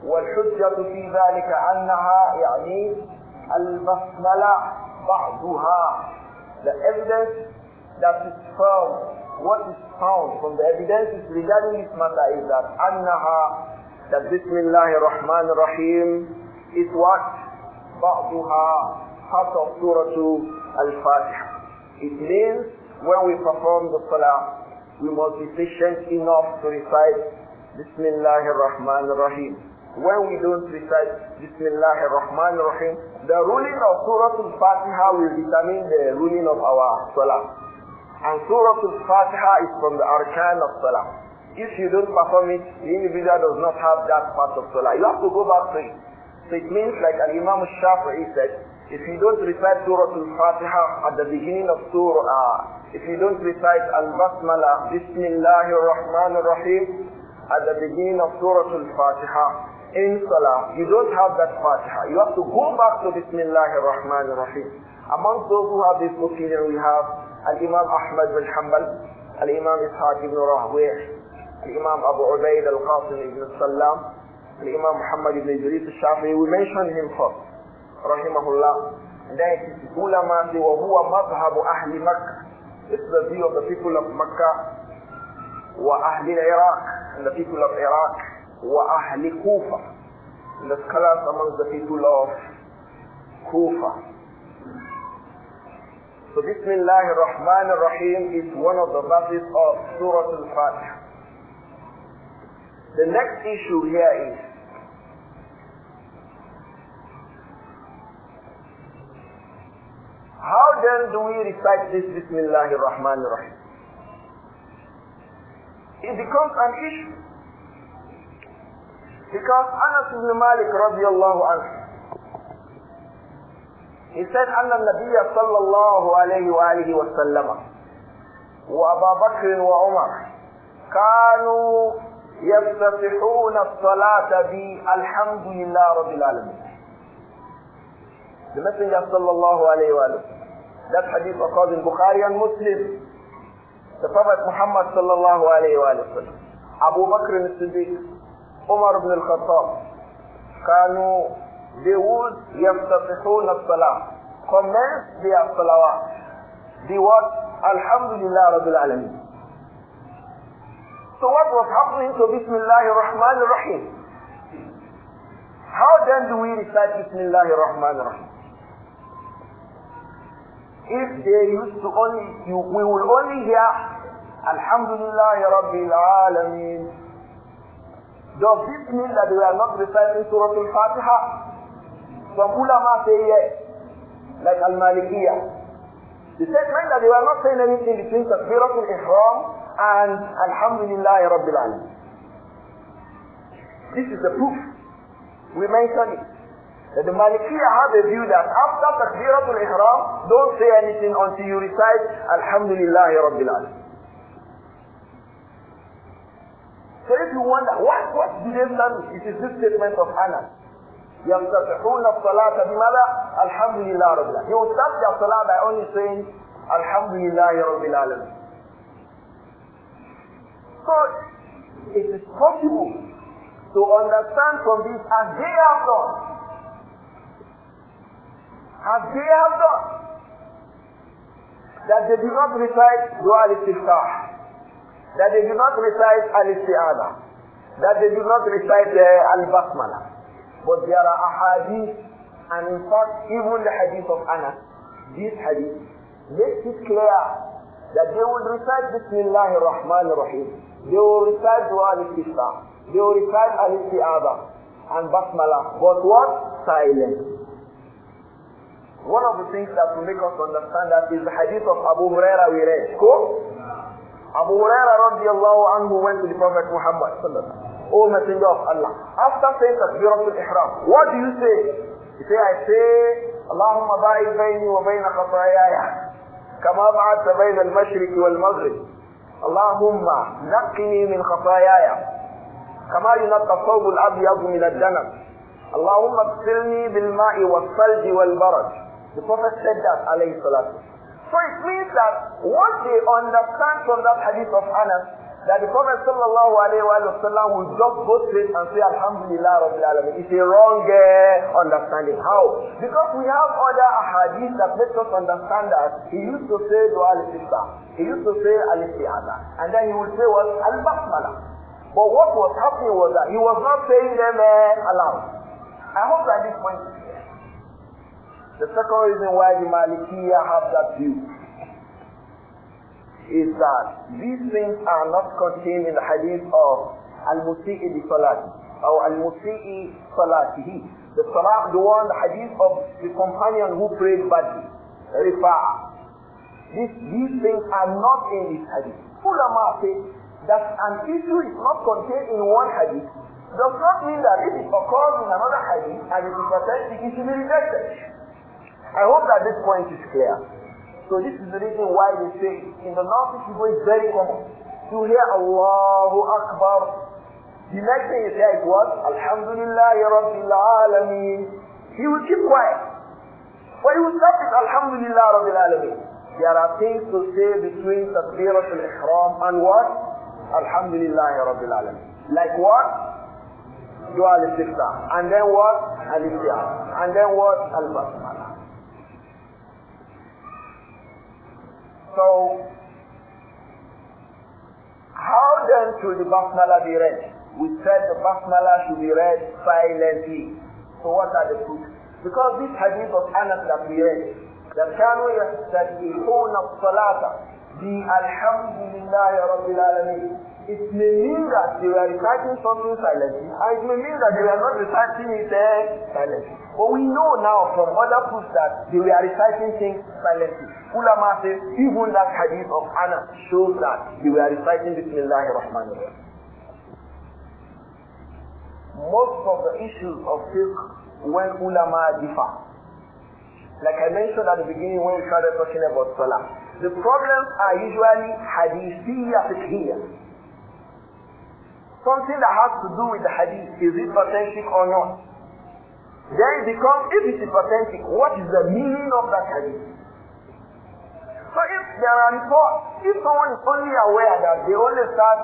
والحجة في ذلك أنها يعني البسملة بعضها the evidence that is found what is found from the evidences regarding this matter is that أنها that بسم الله الرحمن الرحيم is what بعضها part of Surah al it means when we perform the Salah we must be patient enough to recite بسم الله الرحمن الرحيم When we don't recite Bismillah ar-Rahman rahim the ruling of Surah Al-Fatiha will determine the ruling of our Salah. And Surah Al-Fatiha is from the Arkan of Salah. If you don't perform it, the individual does not have that part of Salah. You have to go back to it. So it means like an imam Shafi'i said, if you don't recite Surah Al-Fatiha at the beginning of Surah, uh, if you don't recite Al-Basmala, r-Rahman ar Rahim, at the beginning of Surah Al-Fatiha, in Salah, you don't have that Fatiha. You have to go back to Bismillah ar-Rahman ar-Rahim. Among those who have this opinion, we have Al-Imam Ahmad bin Hanbal, Al-Imam Ishaq ibn Rahweh, Al-Imam Abu Ubaid al-Qasim ibn Salam, Al-Imam Muhammad ibn Idris al-Shafi'i. We mention him first, rahimahullah. And then it is ulama, وَهُوَ مَذْهَبُ أَهْلِ مَكَّةِ It's the view of the people of Makkah, wa وَأَهْلِ Iraq, and the people of Iraq. وأهل كوفة and the scholars amongst the people of Kufa. So Bismillah ar-Rahman ar-Rahim is one of the verses of Surah Al-Fatiha. The next issue here is how then do we recite this Bismillah ar-Rahman ar-Rahim? It becomes an issue. Because Anas ibn Malik radiallahu anhu, he said, أن النبي صلى الله عليه وآله وسلم وأبا بكر وعمر كانوا يفتتحون الصلاة بالحمد لله رب العالمين. The Messenger صلى الله عليه وآله That hadith occurs in Bukhari and Muslim. The Prophet Muhammad صلى الله عليه وآله وسلم. Abu Bakr الصديق عمر بن الخطاب كانوا ديوز يفتتحون الصلاة commence their salawat they what Alhamdulillah Rabbil Alameen so what was happening to Bismillah ar-Rahman ar-Rahim how then do we recite Bismillah ar-Rahman ar-Rahim if they used to only you, we will only hear Alhamdulillah Rabbil Alameen Does this mean that we are not reciting Surah Al-Fatiha? Some ulama say yes, like Al-Malikiyah. They said right that they are not saying anything between al Ihram and Alhamdulillah Rabbil Alameen. This is the proof. We mentioned it. That the Malikiyah have a view that after al Ihram, don't say anything until you recite Alhamdulillah Rabbil Alameen. So if you wonder, what, what did they stand It is this statement of Hannah. يَمْتَفِحُونَ الصَّلَاةَ بِمَاذَا الْحَمْدُ لِلَّهِ رَبِّ الْعَالَمِينَ He will start their salah by only saying, الْحَمْدُ لِلَّهِ رَبِّ الْعَالَمِينَ So, it is possible to understand from this as they have done. As they have done. That they do not recite Dua al-Istiftah that they do not recite Al-Isti'ana, that they do not recite uh, Al-Basmala. But there are ahadith, and in fact, even the hadith of Anas, this hadith, makes it clear that they will recite Bismillah ar-Rahman rahim They will recite Dua al They will recite Al-Isti'ada and Basmala. But what? Silence. One of the things that will make us understand that is the hadith of Abu Huraira we read. Go. Abu Hurairah radiallahu anhu went to the Prophet Muhammad Sallallahu O Messenger of Allah, after saying that you are Takbiratul Ihram, what do you say? You say, I say, Allahumma ba'id bayni wa bayna khatayaya, kama ba'adta bayna al mashriki wal-maghrib. Allahumma naqini min khatayaya, kama yunaqqa thawb al-abyad min al-janab. Allahumma aksilni bil ma'i wal-salji wal-baraj. The Prophet said that, alayhi salatu So it means that what they understand from that hadith of Anas, that the Prophet sallallahu Alaihi wa sallam will just go straight and say Alhamdulillah Rabbil Alamin. It's a wrong uh, understanding. How? Because we have other hadith that makes us understand that he used to say Dua al-Sista, he used to say al-Isti'aza, and then he would say what? Al-Basmala. But what was happening was that he was not saying them uh, aloud. I hope that this point The second reason why the Malikiya have that view is that these things are not contained in the hadith of Al-Musi'i bi Salati or Al-Musi'i Salatihi. The Salah, the one, the hadith of the companion who prayed badly, Rifa'a. These, these things are not in this hadith. Ulama say that an issue is not contained in one hadith does not mean that if it occurs in another hadith and it is authentic, it should be rejected. I hope that this point is clear. So this is the reason why they say in the North people it's very common. You hear Allahu Akbar. The next thing you say is what? Alhamdulillah Rabbil Alameen. He will keep quiet. But he will stop it Alhamdulillah Rabbil Alameen. There are things to say between Takbirat al-Ihram and what? Alhamdulillah Rabbil Alameen. Like what? Dua al-Istiftah. And then what? al And then what? al So, how then should the basmala be read? We said the basmala should be read silently. So what are the proofs? Because this hadith of Anas that we read, that كانوا يستجيحون الصلاة بالحمد لله رب العالمين it may mean that they were reciting something silently, and it may mean that they were not reciting it eh, silently. But we know now from other proofs that they were reciting things silently. Ulama says even that hadith of Anna shows that they were reciting Bismillah ar-Rahman ar-Rahim. Most of the issues of fiqh when ulama differ. Like I mentioned at the beginning when we started talking about salah, the problems are usually hadithiyah fiqhiyah. something that has to do with the hadith, is it authentic or not? Then it becomes, if it is authentic, what is the meaning of that hadith? So if there are reports, if someone is only aware that they only start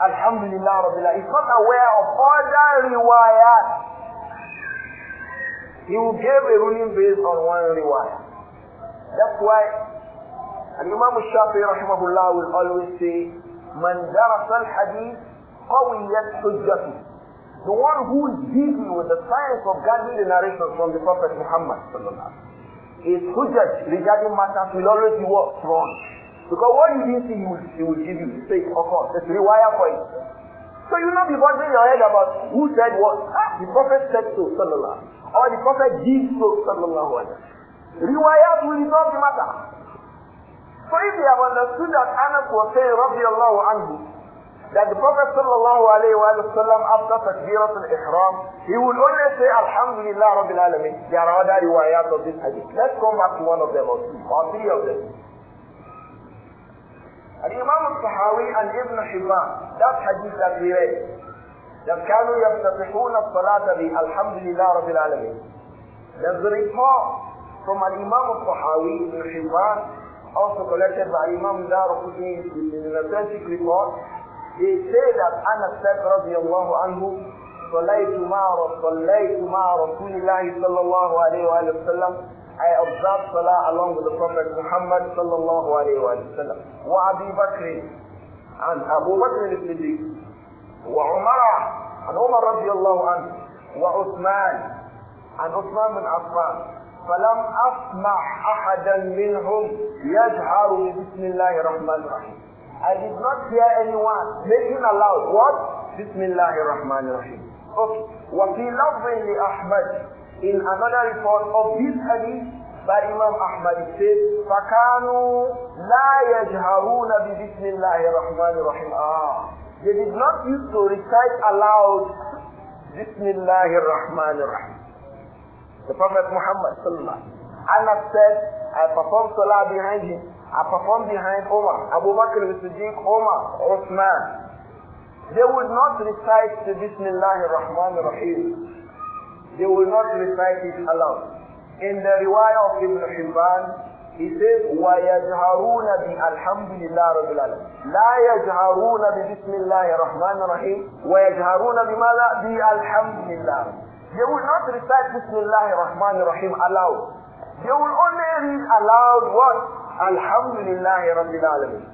Alhamdulillah Rabbillah, is not aware of other riwayat, he will give a ruling based on one riwayat. That's why Al-Imam Shafi rahimahullah will always say, من درس الحديث qawiyat hujjatu. The one who is busy with the science of gathering the narrations from the Prophet Muhammad is who judge regarding matters will always be what? Wrong. Because what you didn't see, he will, he will give you. He says, of course, it's rewire for you. So you not be bothering your head about who said what. Ah, the Prophet said so, sallallahu Or the Prophet did so, sallallahu Rewire Riwayat resolve the matter. So if you have understood that Anas was saying, Rabbi Allahu anhu, that the Prophet sallallahu alayhi wa وسلم after takbirat الإحرام he will only say Alhamdulillah Rabbil Alameen. There are other riwayat of this hadith. Let's come back to one of them or two, or three of them. Imam al-Sahawi and Ibn حبان that hadith that we read that كانوا يفتتحون الصلاة بالحمد لله رب العالمين there's a report from an Imam al-Sahawi Ibn حبان also collected by Imam Zahra Qutni in the authentic report They say that Anas said الله عنه, صليت مع صليت مع رسول الله صلى الله عليه وآله وسلم I observed Salah along with the Prophet Muhammad صلى الله عليه وآله وسلم وأبي بكر and Abu Bakr الصديق وعمر and Umar رضي الله عنه وعثمان and Uthman بن Affan فلم أسمع أحدا منهم يجهر بسم الله الرحمن الرحيم I did not hear anyone making aloud what? Bismillahir Rahmanir Rahim. Okay. وفي لفظ لأحمد in another report of this hadith by Imam Ahmad it says فكانوا لا يجهرون ببسم الله الرحمن rahim ah. they did not use to recite aloud بسم الله الرحمن rahim the Prophet Muhammad sallallahu Anas said I perform salah behind him. I perform behind Omar, Abu Bakr al-Siddiq, Omar, Uthman. They would not recite the Bismillah ar-Rahman rahim They will not recite it aloud. In the riwayah of Ibn Hibban, he says, وَيَجْهَرُونَ بِالْحَمْدِ لِلَّهِ رَبِّ الْعَالَمِينَ لَا يَجْهَرُونَ بِبِسْمِ اللَّهِ الرَّحْمَنِ الرَّحِيمِ وَيَجْهَرُونَ بِمَاذَا؟ بِالْحَمْدِ لِلَّهِ They will not recite Bismillah ar-Rahman ar-Rahim aloud. They will only read aloud what? Alhamdulillah Rabbil Alameen.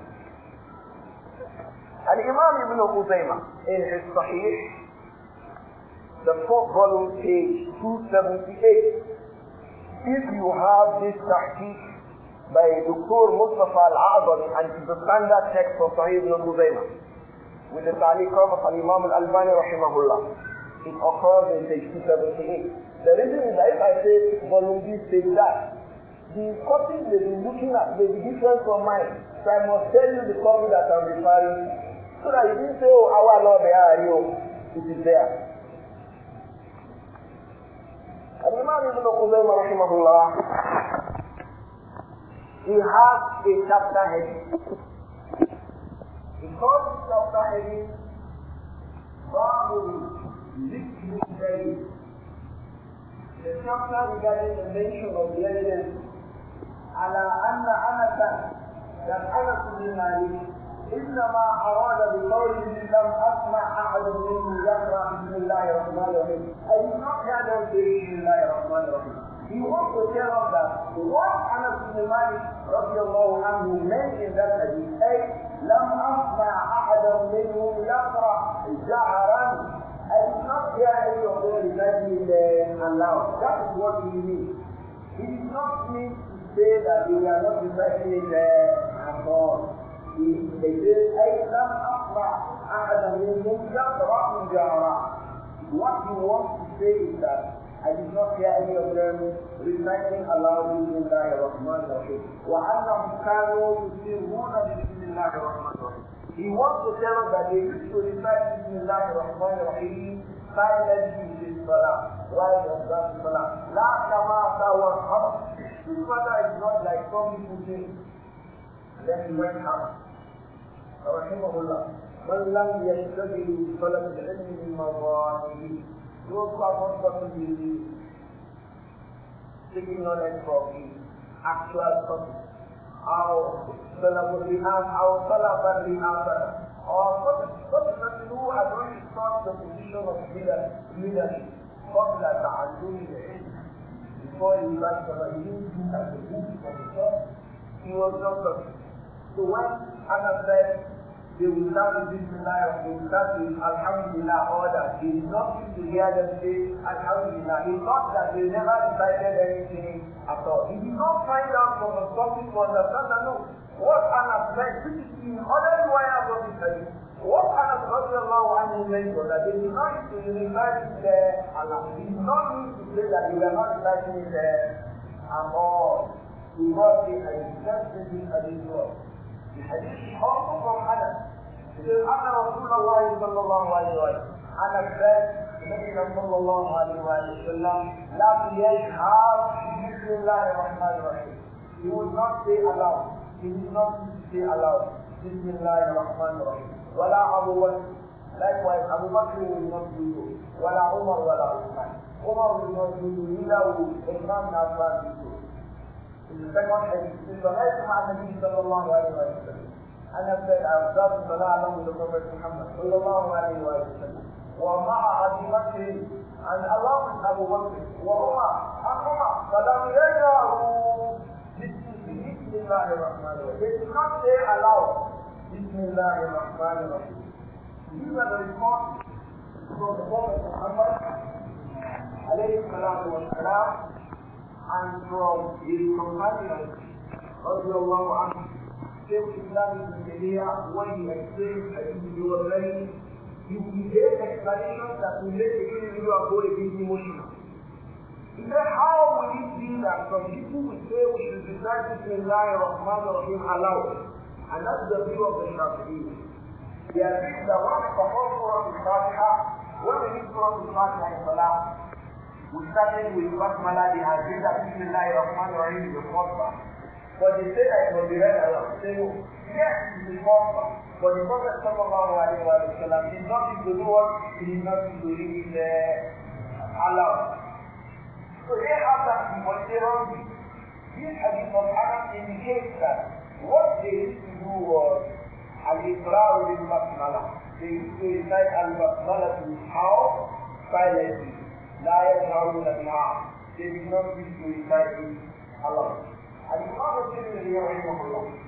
And Imam Ibn Qudaymah in his Sahih, the fourth volume, page 278, if you have this tahqiq by Dr. Mustafa Al-A'zami and understand that text of Sahih Ibn Qudaymah, with the taliqah of Imam Al-Albani rahimahullah, it occurs in page 278. The reason is that if I say volume B stage that, the copies they be looking at may be different from mine. So I must tell you the copy that I'm referring to. So that you didn't say, oh, our Lord, where are you? It is there. Al-Imam Ibn Quzayma rahimahullah, he has a chapter heading. He calls the chapter heading, Babu Zikri Sayyid. استنقى بجانب الميش وغير على أن أنسا لم أنس بمالي إنما أراد بقوله لم أسمع أحد منه يقرأ بسم الله الرحمن الرحيم أي كان دون بسم الله الرحمن الرحيم He wants to tell us that what Anas ibn Malik رضي الله عنه mentioned in that hadith say, لم أسمع أحدا منهم يقرأ جعرا I did not hear any of them reciting them aloud. That is what we mean. It is not mean to say that we are not reciting them at all. They say, I can't أسمع أحدا منهم يقرأ جارا. What he wants to say is that I did not hear any of them reciting aloud in the بسم الله الرحمن الرحيم. وأنهم كانوا يسيرون بسم الله الرحمن الرحيم. He wants to tell us that they used to recite Bismillah ar-Rahman ar-Rahim silently in Salah, while observing Salah. La kama tawar hama. This matter is not like some people think. Then he went hama. Rahimahullah. من لم يشتغل بطلب العلم من مظاهره يوقع فرصة taking knowledge from the actual purpose. Our طلب الرئاسة our طلب الرئاسة or such person who has already sought the position of leader, leadership قبل before you learned the religion and the book of the he was not the So when Anna said, they will start be Bismillah, they will start with Alhamdulillah order. He is not used to hear them say Alhamdulillah. He not that they never decided anything at all. He did not find out from the Prophet to understand that no, what kind of meant, which is in other riwayah of the hadith, what Allah radiallahu anhu meant was that they did not to recite it there Allah. He is not need to say that they were not reciting it there at all. He was the identity of Israel. حديث موقف حدث أن رسول الله صلى الله عليه وسلم عن البيت النبي صلى الله عليه وآله وسلم لم يجهر بسم الله الرحمن الرحيم He would not say aloud. He did not say aloud. بسم الله الرحمن الرحيم ولا أبو بكر Likewise, Abu Bakr will not do so. ولا عمر ولا عثمان. عمر will not do so. Neither will Imam Nasran do so. second hadith is related to sallallahu alayhi wa sallam. said, I observed the Prophet Muhammad sallallahu ومع أبي بكر عن الله أبو بكر وعمر عن عمر فلم يجعه بسم الله الرحمن الرحيم. They did not say aloud, بسم الله الرحمن الرحيم. These are the reports from the Prophet Muhammad عليه الصلاة والسلام and from his companions radiallahu anhu. Shaykh Islam ibn Taymiyyah, when he explains that he was very, you will get explanations that will make the individual go a bit emotional. He said, how will it be that some people will say we should recite Bismillah ar-Rahman of him aloud? And that's the view of the Shafi'i. They are saying that one performs Surah al-Fatiha, when they read Surah al-Fatiha in Salah, We started with Basmala, they agreed a Bismillah Rahman Rahim is the first But they say that it will be read aloud. They will, yes, it's the first But the Prophet sallallahu alayhi wa sallam did not need to do what? He did not need to read it uh, aloud. So they have that in wrongly. This hadith of Anas indicates that what they used to do was al-Iqrar bil-Basmala. They used to recite al-Basmala to how silently. لا بها They did not wish to recite it alone. And Imam al-Tirmidhi rahimahullah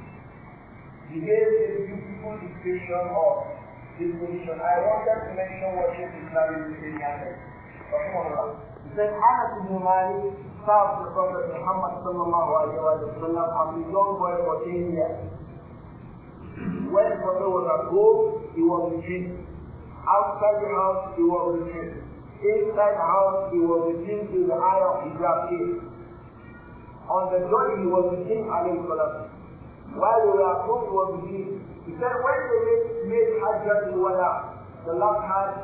he gave a beautiful description of this position. I wanted to mention what Shaykh Islam is saying here. Rahimahullah. He said, Anas ibn Malik served the Prophet Muhammad sallallahu alayhi wa sallam as a young boy for 10 years. When Prophet was at home, he was with him. Outside the house, he was with him. Take time out, he was with him till the eye of Hijab came. On the journey, he was with him, alayhi salam. While we are told home, he was with He said, when they made, made Hajjat al-Wala, the last Hajj,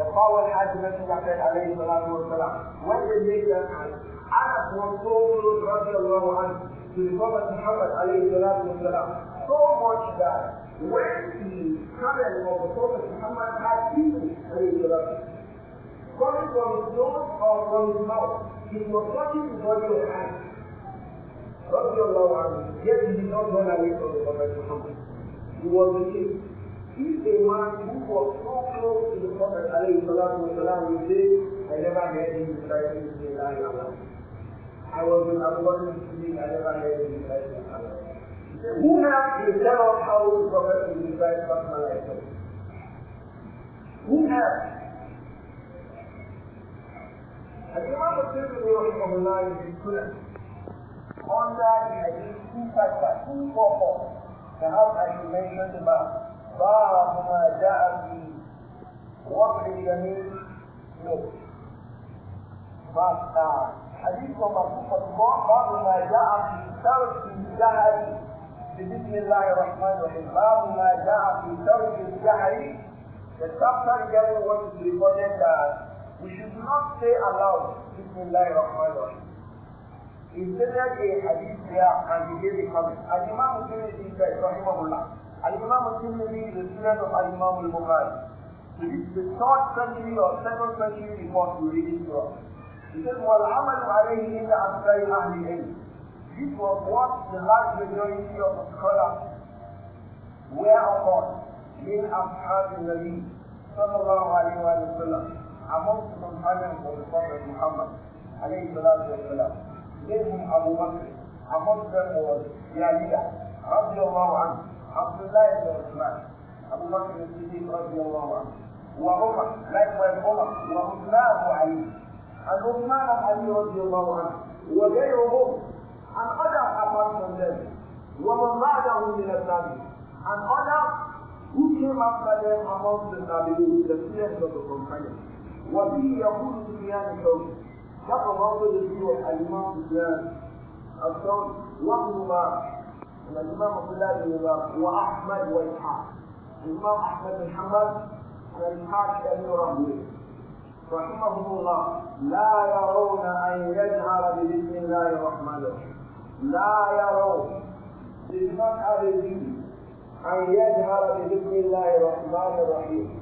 the power Hajj, the Messenger said, alayhi salatu wa salam, when they made that Hajj, Anas was so close, Allah anhu, to the Prophet Muhammad, alayhi salatu wa salam, so much that when the channel of the Prophet Muhammad had people, alayhi salatu coming from his nose or from his mouth, it was touching the body of man. رضي الله عنه yet he did not run away from the Prophet Muhammad. He was with him. He's a man who was so close to the Prophet alayhi salatu wa salam, he said, I never heard him reciting the Ilahi Allah. I was with Abu Bakr Siddiq, I never heard him reciting Allah. He said, who has? can tell us how the Prophet will recite Basmala itself? Who else Have you ever seen the building of a that you could On that, you have two types of two purposes. Perhaps I should mention the map. Ba'ahuma da'abi. What is the name? No. Ba'ah. Uh, hadith from Abu Fatimah, Ba'ahuma da'abi. Tarifi da'ari. Bismillah ar-Rahman ar-Rahim. Ba'ahuma da'abi. Tarifi da'ari. The chapter again was reported that we should not say aloud, Bismillah ar-Rahman rahim He a hadith there and he gave a comment. Al-Imam Muslim is Rahimahullah. Al-Imam is the student of Al-Imam al-Bukhari. So this is the third century or second century before we read it from. He says, وَالْعَمَلُ عَلَيْهِ إِلَّا أَكْثَرِ أَهْلِ الْعِلْمِ This was what the large majority of the scholars were upon. من أصحاب النبي Nabi, الله عليه وسلم عمرت بن حجر والفضل محمد عليه الصلاة والسلام منهم أبو بكر عمرت بن يعلية رضي الله عنه عبد الله بن عثمان أبو بكر الصديق رضي الله عنه وعمر likewise عمر وعثمان وعلي and عثمان and Ali رضي الله عنه وغيرهم and other apart from them ومن بعدهم من التابعين and others who came after them among the Tabi'in, the students of the companions. وبه يقول سفيان الثوري كما ورد به الامام سفيان الثوري وابن مبارك الامام عبد الله بن مبارك واحمد واسحاق الامام احمد بن حنبل والاسحاق بن ربيع رحمهم الله لا يرون ان يجهر ببسم الله الرحمن الرحيم لا يرون did not have أن يجهر بذكر الله الرحمن الرحيم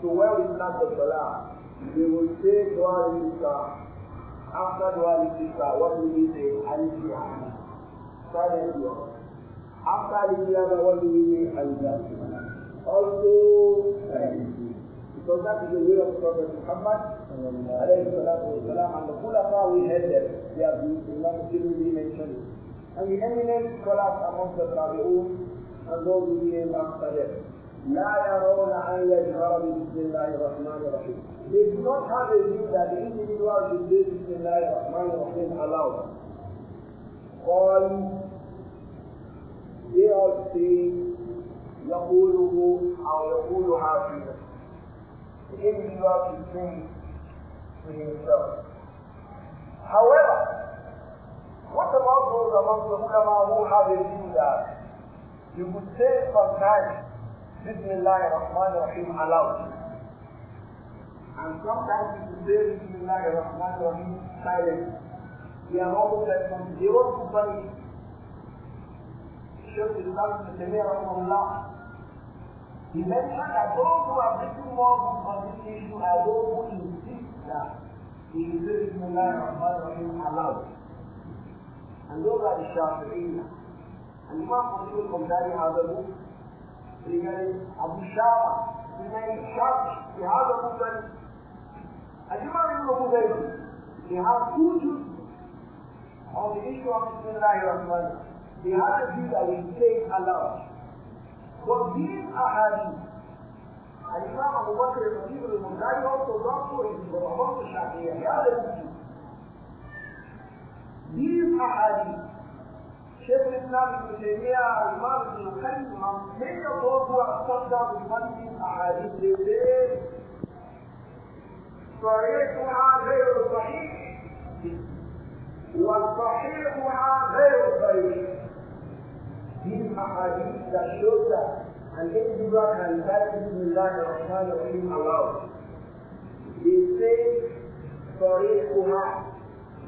To where we start the salah, we will say dua al After dua al what do we say? Al-Jihana. Silent After al-Jihana, what do we say? Al-Jihana. Also, because that is the way of Prophet Muhammad alayhi salatu wasalam and the Khulafa we had them. They have been Imam Tirmidhi mentioned. And the eminent scholars amongst the Rabi'un and those who came after them. لا يرون أن يجهر الله الرحمن الرحيم. They do not have a view that the individual should say بسم الله الرحمن الرحيم aloud. قالوا they all say يقوله أو يقولها في نفسه. The individual should say to himself. However, what about those among the ulama who have a view that you could say sometimes بسم الله الرحمن الرحيم على And sometimes you say بسم الله الرحمن الرحيم silent. We are not that from zero to five. Shaykh Islam Ibn Taymiyyah rahimahullah. He mentioned that those who have written more books on this issue are those who insist that he is Bismillah بسم الله الرحمن الرحيم allowed. And those are the Shafi'iyah. And Imam Qasim al-Qamdari has a book لملك أبو شامة لملك شامش لهذا المدرس أجمع المدرس لهذا توجد on the issue of Bismillahir They had a view that we say aloud. But these ahadith, and Imam Abu Bakr al-Khatib al-Mundari also brought to him from among the Shafi'iyah, the other Muslims. These ahadith, شيخ الاسلام ابن تيميه الامام ابن القيم من يطلب الصدر بفن احاديث الليل صريحها غير صحيح وصحيحها غير صحيح دي الاحاديث الشرطه الذي بقى كان بسم الله الرحمن الرحيم الله بيسير صريحها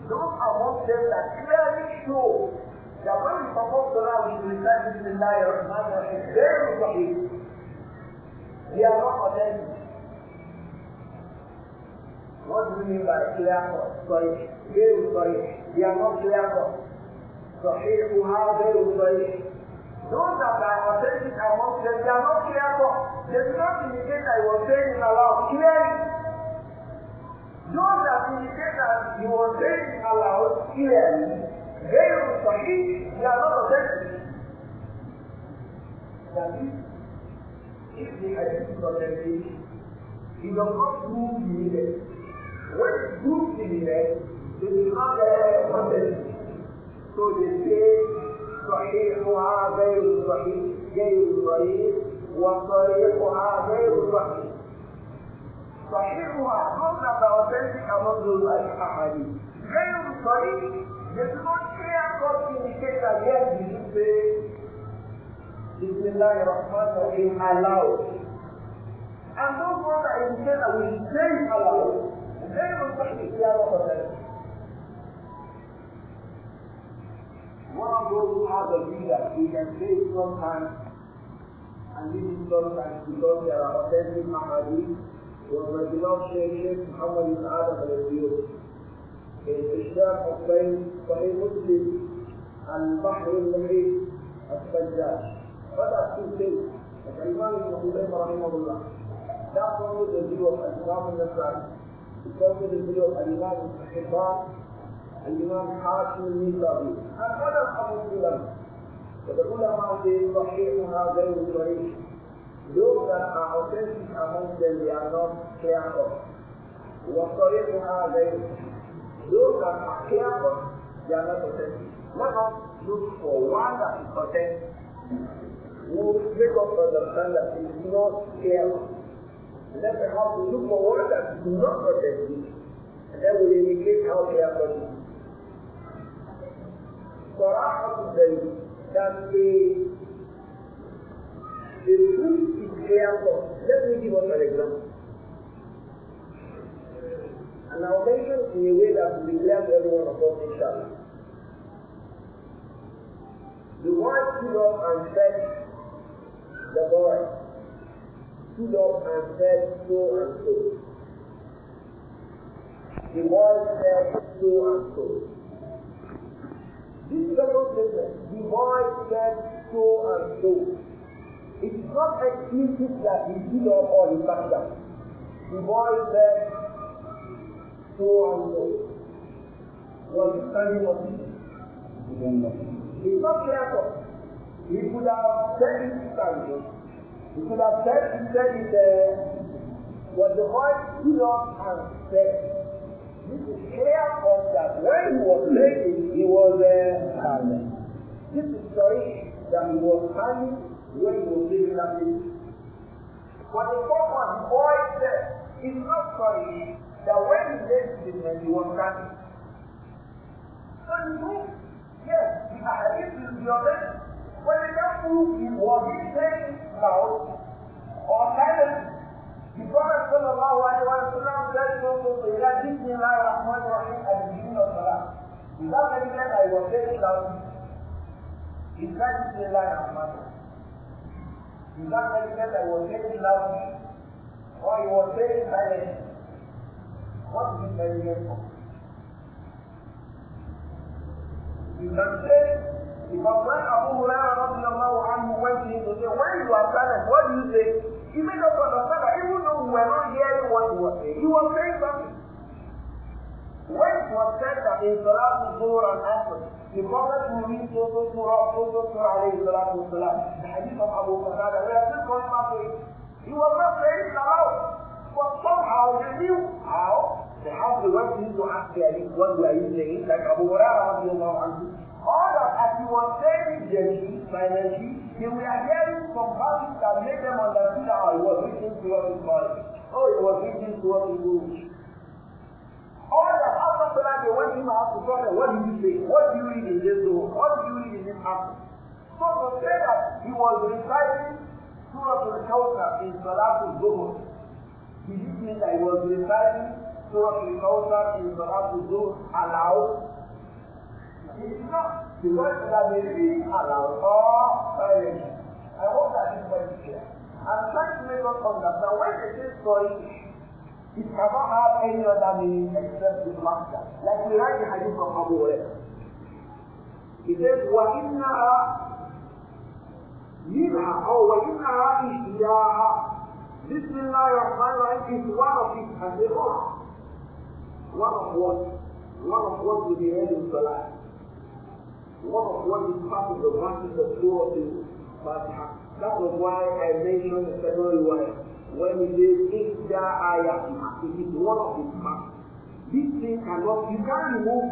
Those among them that clearly show that when we perform salah, we recite Bismillah ar-Rahman ar-Rahim. Very sahih. They are not authentic. What do you mean by clear cut? Sorry. Very sorry. They are not clear cut. صحيحها غير صحيح. Those that are authentic among them, they are not clear cut. They do not indicate I was saying in Allah clearly. Those that indicate that you were saying Allah clearly, غير صحيح لا مرة ثانية يعني ابن حديث الرجلين إذا قصدوا بميلاد والجود بميلاد الإمام لا يقبل طول البيت صحيحها غير صحيح غير صحيح وصريحها غير صحيح صحيحها مطلق وذلك منظر الأحاديث غير صحيح للمنشئ قوتي كده يدي بسم الله الرحمن الرحيم allowed أنظر وضع الإنسان أو إزاي allowed إزاي منصح بالسيارة مثلا One of those other leaders we can say sometimes and this is sometimes because there are authentic Mahadis from the beloved Shaykh Muhammad ibn Adam al-Yusuf باستشراف الطريق طريق مسلم البحر المحيط السجاد هذا في شيء الإمام ابن قدامة رحمه الله لا تنظر للجيوب الإمام النسائي تنظر للجيوب الإمام الحبان الإمام حاشم النيسابي هكذا الحديث لنا وتقول يصححها غير صحيح هذا that are authentic among them, they are not clear cut. وصريحها Those that are careful, they are not protected. Let us look for one that is protected. Who make for the that that is not careful. And then we have to look for one that is not protected. And then we indicate how careful it is. صراحة الدليل that the, the fruit is clear Let me give us an example. And I'll mention in a way that will be clear to every one of us, inshallah. The wife stood up and said the boy. Stood up and said so and so. The boy said so and so. This second statement, the boy said so and so. It is not explicit that he stood up or he backed up. The boy said هو الضيف والمستلم It's not clear cut. He could have said it differently. He could have said he said it the voice stood up and said, This is clear cut that when he was saying he was uh, This is sorry that he was harmless when he was giving that But the boy said, it's not sorry that when he made statement, he was standing. So he moved. Yes, the hadith will be authentic. When they come to him, was he saying loud or silent? The Prophet sallallahu alayhi wa sallam said so so so, إِلَا جِبْنِ اللَّهِ الرَّحْمَنِ الرَّحِيمِ at the beginning of Salah. Without any time I was saying loudly. إِلَا جِبْنِ اللَّهِ الرَّحْمَنِ الرَّحِيمِ Without any time I was saying loudly. Or he was saying silently. وجه بينكم يبقى Because when Abu Hurairah went to him to say, when you are silent, what do you say? He made us understand that even though we were not hearing what he was saying, he was saying something. When it was said that in Salat Zuhr and Asr, the Prophet will read so so surah, so so surah alayhi salatu wasalam, the hadith of Abu Qatada, we are still going back to it. He was not saying it aloud. But somehow they knew how to have the right to ask their what we are using, like Abu Hurairah radiallahu anhu. All that as he was saying gently, silently, they were hearing from verses that made them understand Oh, he was reaching towards his body. Oh, he was reaching towards his roof. All that after Salah, they went to him and asked the Prophet, what did you say? What do you read in this door? What do you read in this happen? So to say that he was reciting Surah al-Kawthar in Salatul Zuhur, The business I was referring to in Kautar in Barat Zuhur allowed. It is not the word that they read allowed or violation. I hope that is clear. I'm trying to make us understand when they say sorry, it cannot have any other meaning except the master. Like we read the hadith of Abu Hurairah. He says, وَإِنَّهَا منها أو وإنها إشياها This of my life is one of it and they all. One of what? One of what will be read in life. One of what is part of the verses of two of the But That was why I mentioned second one. When he says, I am. it is one of his parts. This thing cannot, you can't remove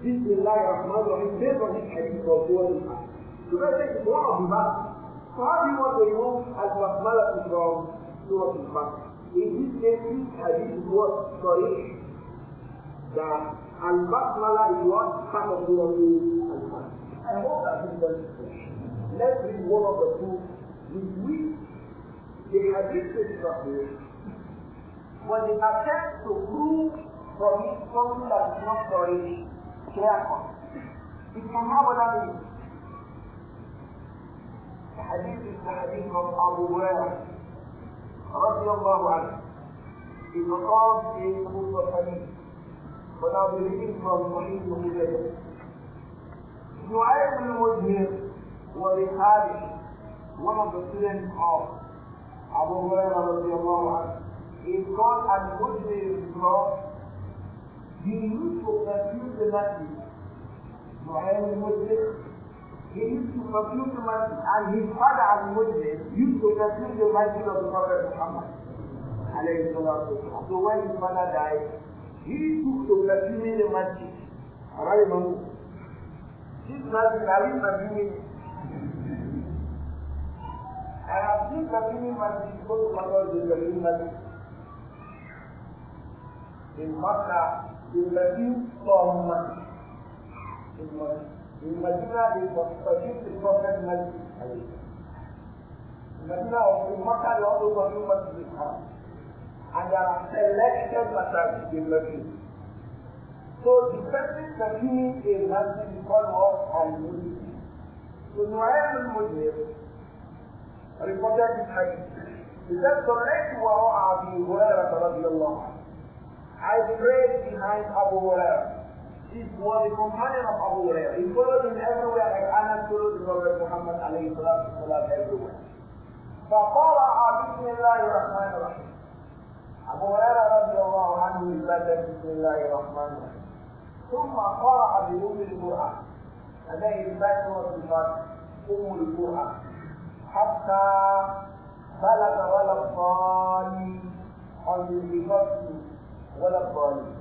this Bismillahirrahmanirrahim based on this hadith of two of the Fatiha. So that's it, one of the verses. So how do you want to remove Al-Basmala from Surah al In this case, hadith is what that Al-Basmala is what part of Surah al I hope that is very Let's read one of the two with which the hadith is established. When they attempt to prove from it something that is not very clear it can have another meaning. The hadith is the hadith of Abu Hurairah. رضي الله عنه في مقام سيد أبو الحميد وناظرين from Mu'in Mu'in Nu'aym al-Mujhir was a Harish, one of the students of Abu Hurairah رضي الله عنه. He called al-Mujhir because he used to confuse the Nazis. Nu'aym al-Mujhir he used to compute the masjid and his father as Muslim used to compute the masjid of the Prophet Muhammad. So when his father died, he took to compute the masjid. Alright, This masjid, are you consuming it? And I'm still consuming masjid because Muhammad is consuming masjid. In Makkah, they consume some masjid. In Makkah. المدينة لتجيب البروفيت مسجد عليه المدينة وفي مكة يقعدوا في المسجد الحرام and there are selected So the person performing a masjid is called what? Al-Mujib. So Nu'aym al-Mujib reported this hadith. He said, صليت وراء أبي هريرة رضي الله عنه. I prayed behind Abu Hurairah. This was the companion of Abu Hurairah. He followed him everywhere and Anas followed the Prophet Muhammad alayhi salam everywhere. فَقَالَ بسم الله الرحمن الرحيم. أبو هريرة رضي الله عنه بدأ بسم الله الرحمن الرحيم. ثم قرأ بأم القرآن. لديه البدء والصفات أم القرآن. حتى بلغ ولا الضالين. أو يدركني ولا الضالين.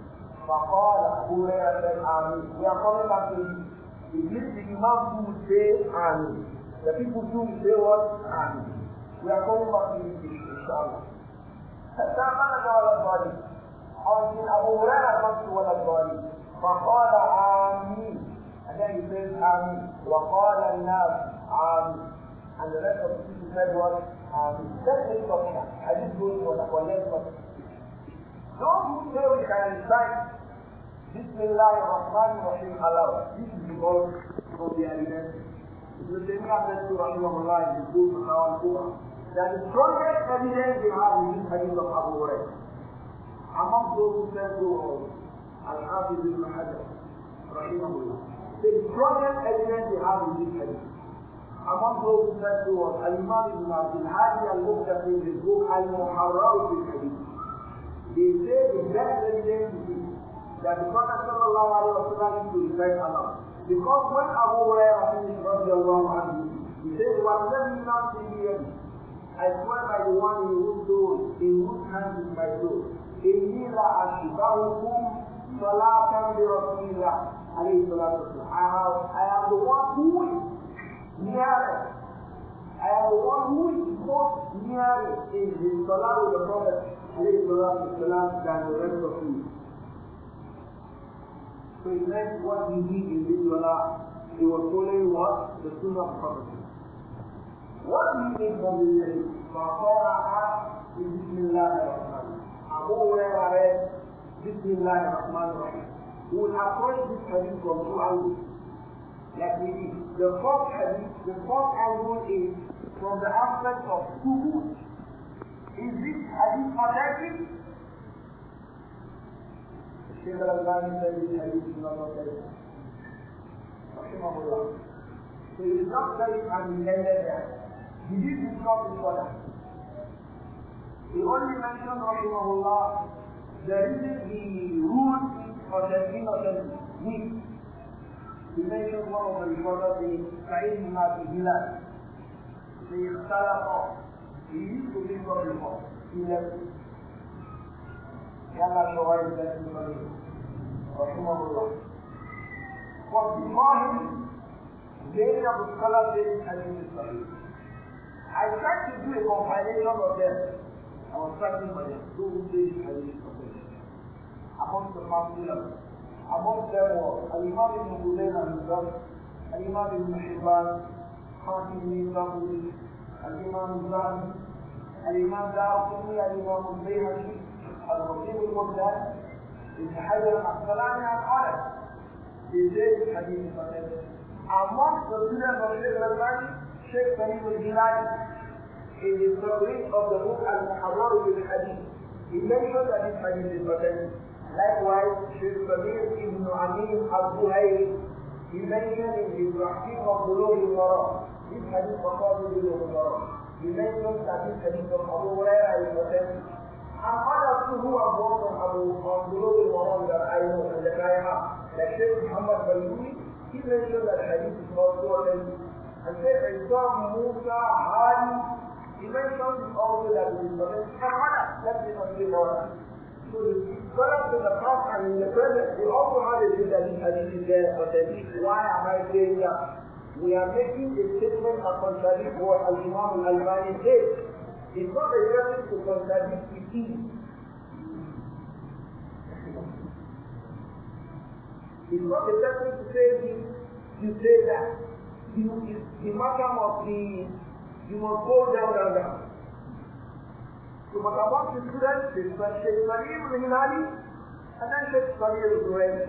فقال أبو هريرة آمين. We are coming back to you. If the Imam too say Amin. The people too say what? Amin. We are coming back to inshallah. الظالم. Until Abu Huraira comes to الظالم. فقال آمين. And then he آمين. وقال الناس آمين. And the rest of the people said what? Amin. That's the instruction. I just go for the next one. Those who say we can recite Bismillah ar-Rahman ar-Rahim Allah. This is because from the evidence. Ibn Taymiyyah said to Rahimahullah in the book of al Quran that the strongest evidence we have in this hadith of Abu Hurairah among those who said to Al-Hafiz ibn Hajar Rahimahullah the strongest evidence we have in this hadith among those who said to Al-Imam ibn Abdul Hadi al-Muqtafi in his book Al-Muharrar fil Hadith they say the best evidence that the Prophet sallallahu alayhi wa sallam used to recite Allah. Because when Abu Hurairah finished radiallahu anhu, he said, وَالَّذِي نَفْسِي بِيَدِهِ I swear by the one in whose soul, in whose hand is my soul. إِنِّي لَأَشْبَهُكُمْ صَلَاةً بِرَسُولِ اللَّهِ عليه Salatu والسلام. I am the one who is nearest I am the one who is most near in his salah with the Prophet than the rest of you. So if that's what we did in this Wala, they were following what? The Sunnah of Prophet. What do you need from the Yahudi? Maqara'a is Bismillah ar-Rahman. Abu Hurairah read Bismillah ar-Rahman ar-Rahim. We will approach this hadith from two angles. Like we did. The first hadith, the first angle is from the aspect of Sukkot. Is this hadith authentic? الشيخ الألباني الذي الحديث مرة رحمه الله. So it is not like an that he did discuss his father. He only mentioned Rahimahullah the reason he ruled it on the innocent weak. He mentioned one of the reporters saying, Sa'id Mimati Hilal. He says, He used to live from before. He left يلا الجوائز التي تقريبا رحمه الله وبالله they of the scholars in Hadith Islam. I tried to do a compilation of them. I was searching for them. Those days Hadith of them. Among the Muslims. Among them were Al-Imam ibn Hudayn al-Hizam, Al-Imam ibn Hibban, Khatib ibn Zaburi, Al-Imam Zahabi, Al-Imam Dawkini, الرصيب المبدأ يتحول عن صلاة عن عرف في زيد الحديث الفتاة اما the students of شيخ سليم الجيلاني in the story of the book Al-Muharrar al-Hadith, he mentioned that this hadith is authentic. Likewise, Sheikh Kabir ibn Amin al-Buhayri, he mentioned in his Rahim of Bulugh al-Mara, this hadith of Bulugh al-Mara. He mentioned that this hadith of Abu Hurairah is authentic. أخذ هو أبو أبو أبو المرام ده أيوه اللي جايها لكن محمد بلوي كده يقول الحديث الموضوع الشيخ عصام موسى عالي لمن ينظر أول الأبيض فمن حرمنا لكن نصيب ورنا فلم تتفاق عن المسألة الأمر هذا جدا للحديث ده وتدريس وعي عمال جدا ويعمل statement of contradict what Al-Imam Al-Albani said It's not relevant to contradict it is. It's not relevant to say this, you say that. You, it, the matter must be, you must go down and down. So but I want the students to Sheikh Salim Minali and then Sheikh Salim Zuhair.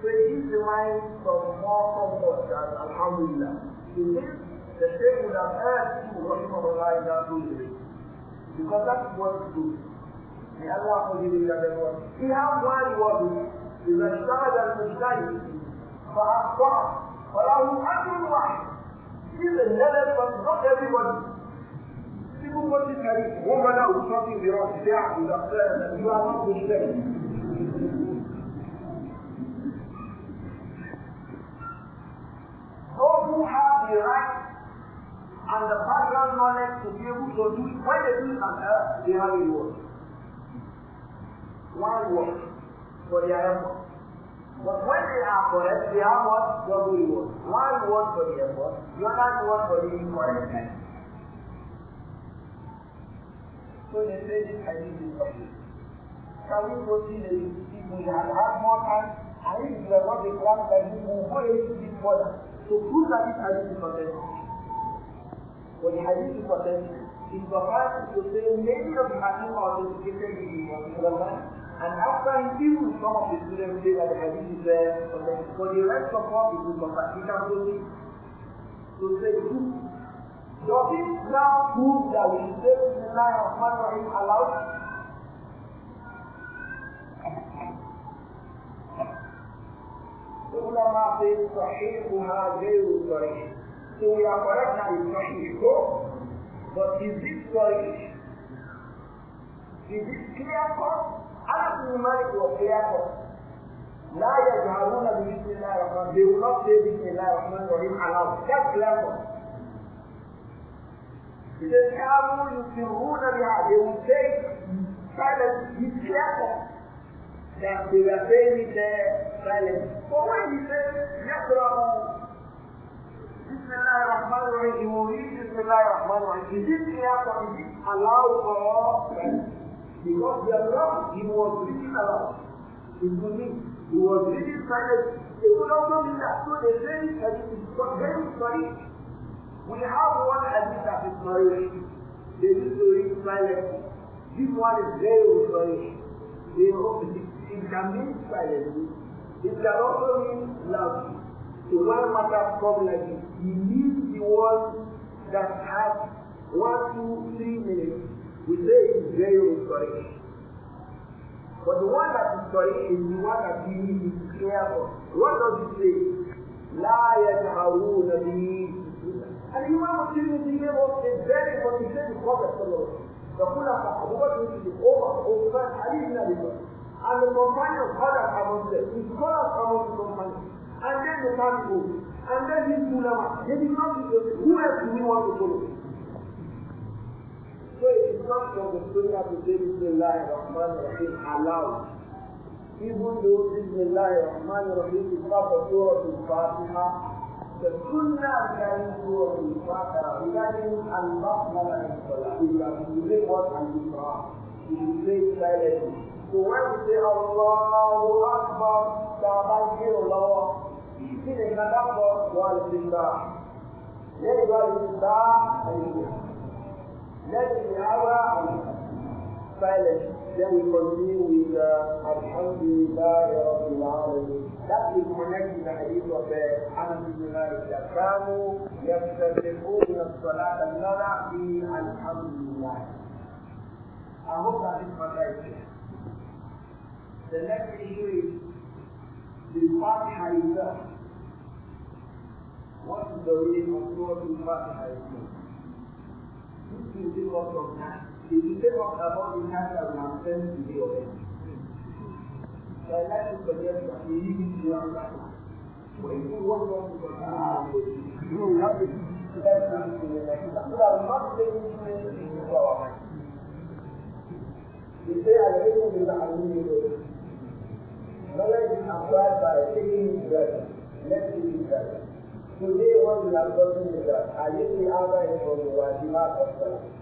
So it gives the mind some more comfort that Alhamdulillah. He lives, the Sheikh would have asked you, Rahimahullah, in that because that is what it is. May Allah forgive him that everyone. He had one word is a shahad al mujtahid for But God. For our Muslim wife. He is a zealot, but not everybody. People want to tell you, one brother who's talking wrong, they are with a friend, you are not Muslim. Those who have the right and the background knowledge to be able to do it. When they do it on earth, they have a reward. One reward for their effort. But when they are correct, they have what? Double reward. One reward for the effort, the other reward for the incorrectness. So they say this hadith is complete. Can we go see the if we have had more time? And if we are not a class like we will go a little further. So prove that this hadith is authentic. والحديث الصحيح في صحات الحسين many of the hadith authenticated in Ramadan and after he some of the students say that the hadith is there but then for the rest of what it is Muhammad he can proceed to say this does it now prove that we say of Rahman Rahim allowed The ulama says صحيحها غير صحيح So we are correct that it's not go. But is this solid? Is this clear cut? Anas bin Malik was clear cut. لا يجهرون بسم الله الرحمن They will not say بسم الله الرحمن الرحيم aloud. That's clear cut. He says, كانوا يسرون بها. They will say silence. It's clear cut that they were saying it there silently. But when he says, يقرأ Bismillahirrahmanirrahim. He will read Bismillahirrahmanirrahim. Is it clear for is it allowed for Because the Allah, he was reading aloud. It will mean he was reading silently. It would also mean that so they say that it is very sorry. We have one hadith that is very sorry. They need to read silently. This one is very sorry. They hope it can mean silently. It can also mean loudly. So when matters come like this, He leaves the one that has one, two, three minutes. We say it is very historic. But the one that is sorry is the one that really is clear for. What does it say? لا يجهرون به And Imam Muslim he gave us a very important the Prophet The Khulafa, Abu Bakr is the over, over, Ali ibn Abi And the companions heard that among them. The scholars among the companions. And then the family goes. and then these ulama, they did not, who else do you want to follow? So it is not from the sunnah to say Bismillah ar-Rahman ar-Rahim aloud. Even though Bismillah ar-Rahman ar-Rahim is part of Surah al the sunnah regarding Surah al-Fatiha regarding al-Rahman al-Salah is that you say what al-Isra, you say silently. So when we say Allahu Akbar, Tabayyir Allah, كده يبقى لفظ والاستمتاع ليه يبقى الاستمتاع؟ لازم يعوى عن فعلا then we continue with the Alhamdulillah Rabbil Alamin. That is connected to the hadith of the Anas ibn Malik that كانوا يستبرقون الصلاة الأولى في الحمد لله. I hope that is correct. The next issue is the Fatiha itself. What is the way of Surah Al-Fatiha is made? This is the work of that? If you take up about the hand of nonsense, you will obey. So I like to suggest that we leave it to your Fatiha. But if you want us to continue, you will have to keep that thing in your life. So that we not take influence into our mind. They say, I think it's a new Knowledge is acquired by taking it to Let's take it to Today what we have gotten is that Aliki Abba is from the Wajima Custom.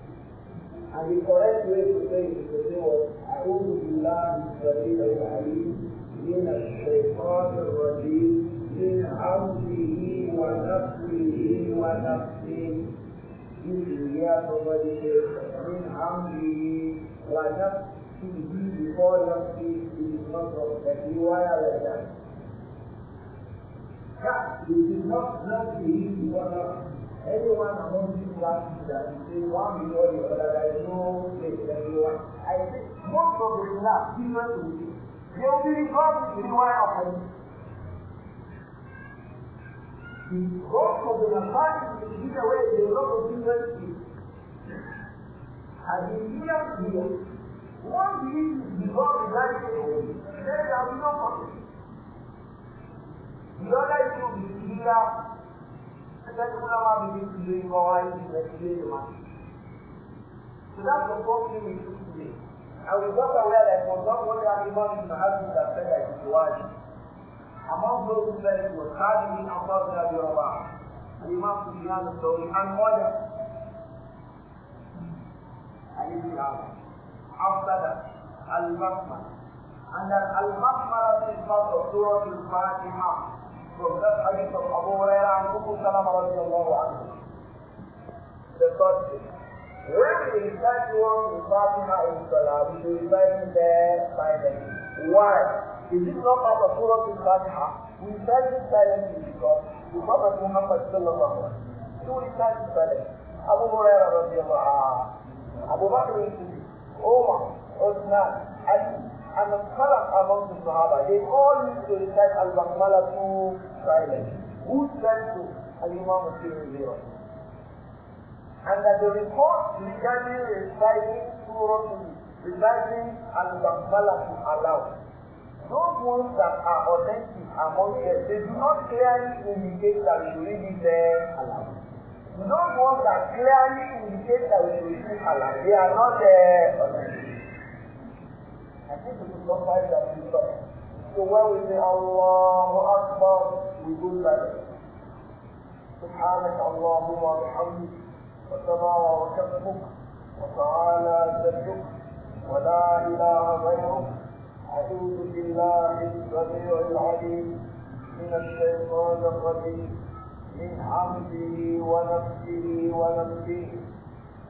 And the correct way to say it is to say what أعوذ بالله السميع العليم من الشيطان الرجيم من عمده ونفسه ونفسه If you hear somebody say من عمده ونفسه before نفسه it is not from that. You are like that. That they did not grant to him the of everyone among these last that he say one before the other, there is no place everyone. I say most of the class, people to me, they will be regarded to the one of them. The most of the Nasrani is in the way they look at people is. And in here, one belief is before the very day, there is no conflict. The other issue is clear. Second ulama begins to doing all investigate the matter. So that's the problem we took today. And we got aware that for some one that Imam Ibn Hazm that said that it's wajib. Among those who said it was Khadi bin Abbas bin Abi Rabah, and Imam Sufyan al-Sawri, and others. And Ibn Hazm. After that, Al-Makmar. And that Al-Makmar is part of Surah Al-Fatiha progress hadith of Abu Hurairah and Umm Salama radiallahu anhu. The third thing. When we recite one in Fatima in Salah, we should recite it there silently. Why? Is it not part of Surah Al-Fatiha? We recite it silently because the Prophet Muhammad sallallahu alaihi wasallam, he recited silently. Abu Hurairah radiallahu anhu, Abu Bakr al-Siddiq, Umar, Uthman, Ali, and the Salaf among the Sahaba, they all used to recite Al-Basmala to silence. Who said to Al-Imam Muslim And that the report regarding reciting Surah reciting Al-Basmala to Allah, those ones that are authentic among them, they do not clearly indicate that we read it there aloud. Those ones that clearly indicate that we should it aloud, they are not there authentic. هتنزل في الصف هيبدا So when we say الله أكبر we do like سبحانك اللهم وبحمدك وتبارك وكفك وتعالى جدك ولا إله غيرك أعوذ بالله السميع العليم من الشيطان الرجيم من حمده ونفسه ونفسه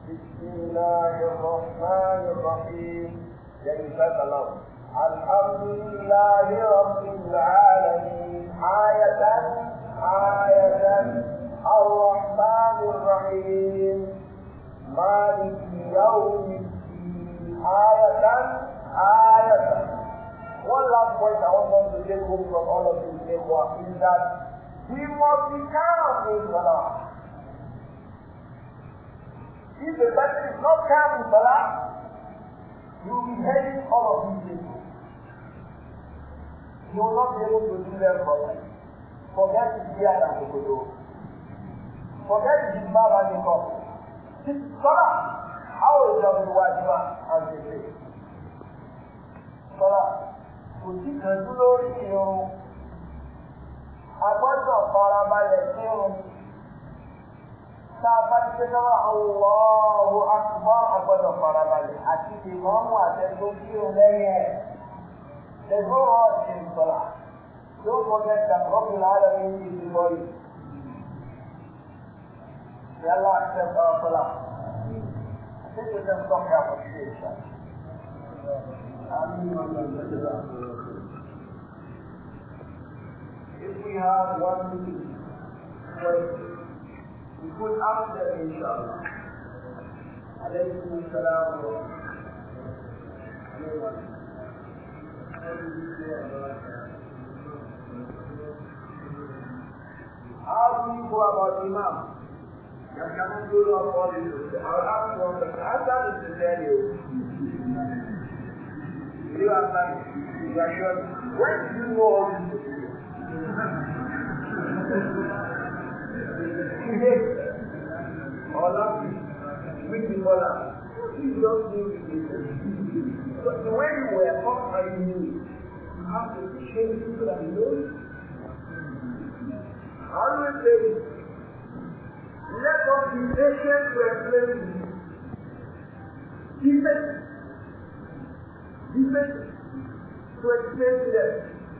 بسم الله الرحمن الرحيم الحمد لله رب العالمين آية آية الرحمن الرحيم مالك يوم الدين آية آية One last point I want us to take home from all of this network is that we must be calm in Salah. If the person is not calm in Salah, you will inherit all of these things. You will not be able to do them for life. Forget the fear and the good Forget the imam and the coffee. This is Salah. How is that the As they say, faith? Salah. Kò sí ìtọ́jú lórí irun. A gbọ́dọ̀ farabalẹ̀ sí irun tá a bá ti pé sábà Allahu akbar àgbọ̀dọ̀ farabalẹ̀ àti ìmọ̀ọ́mù àtẹ̀tọ́ kí o lẹ́yìn ẹ̀. Tẹ̀sọ́rọ̀ ti ń sọ̀rọ̀. Don't forget that Rabbil Alamin is before you. May Allah accept our salah. I think we can stop here for today, inshallah. If we have one meeting, يكون أفضل إن شاء الله عليكم السلام ورحمة الله وبركاته How do you go about Imam? You cannot do all for this. I'll ask one question. Answer is to tell you. You are like, you are sure. When do you know all this? behave or laughing, make him laugh. You just But when you were taught how you knew it, you have to change people that know it. How do we say it? Let us be patient to explain it. Be patient. Be patient to explain to them.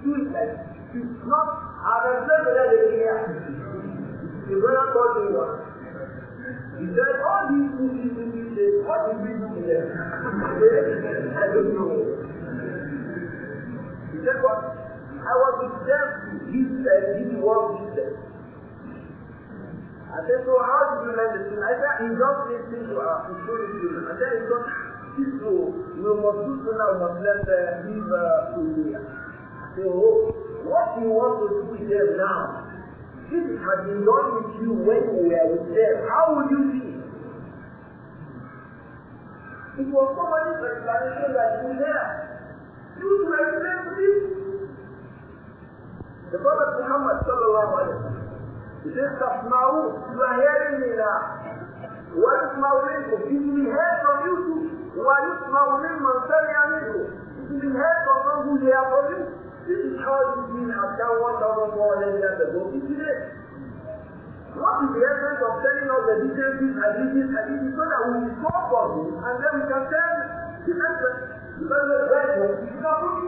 Do it like, do not, as I said, the royal court area. He said, all these movies, movies, they, what did we do to them? I don't know. He said, what? I was with them to give them, give what he said. I said, so how did you learn the thing? I said, in just listening to her, to show you the I said, "So this will, we must do so now, we must let uh, leave uh, to here. I said, oh, what do you want to do with them now? should have been done with you when you were with them. How would you feel? It was somebody's explanation that you have. You to explain this. The Prophet Muhammad sallallahu alayhi wa he says, Tasma'u, you are hearing me now. What is Mawlinkum? It will be heard from you too. What is Mawlinkum? Man sami'a minkum. It will be heard from those who hear from you. This is how you been after 1,400 years ago, isn't it? What is the essence of telling us the differences and this and this so that we will solve for you, and then we can tell the answer? Because the right one, you can put it.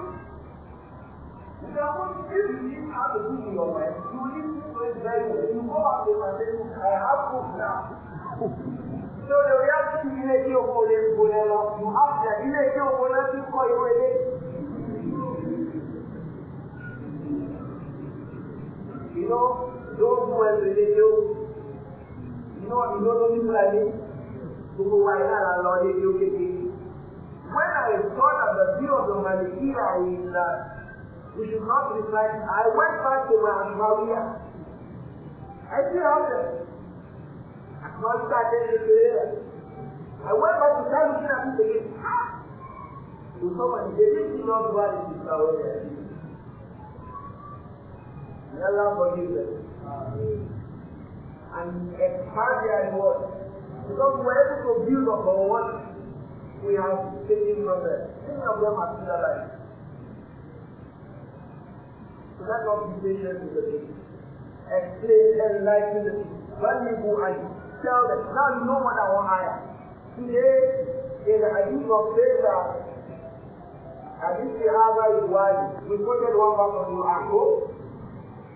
You can put it. If you didn't have a good in your mind, you will listen to it very well. You go out there and say, I have proof now. so the reality is ilé tí o lè gbóná lọ. You have the ilé tí o kò lè fi kọ́ ìwé lé. no, no duelo de Dios. No, no lo mismo la ley. Como bailar a la ley de Dios que tiene. When I thought of the view of the Malikiya is that we should not reflect, I went back to my Ashmawiya. I still have them. Ashmawiya started to say I went back to Shalushina again. Ah! To someone, this didn't know what it is. Allah forgives us. And it's hard and worse. Because whatever forgive of our what we have taken from them, many of them are still alive. So that's what we say to the people. Explain, enlighten the people. When you go and tell them, now you know what I want higher. Today, in the hadith of Pesach, hadith Sahaba is wise. We quoted one part of the Quran.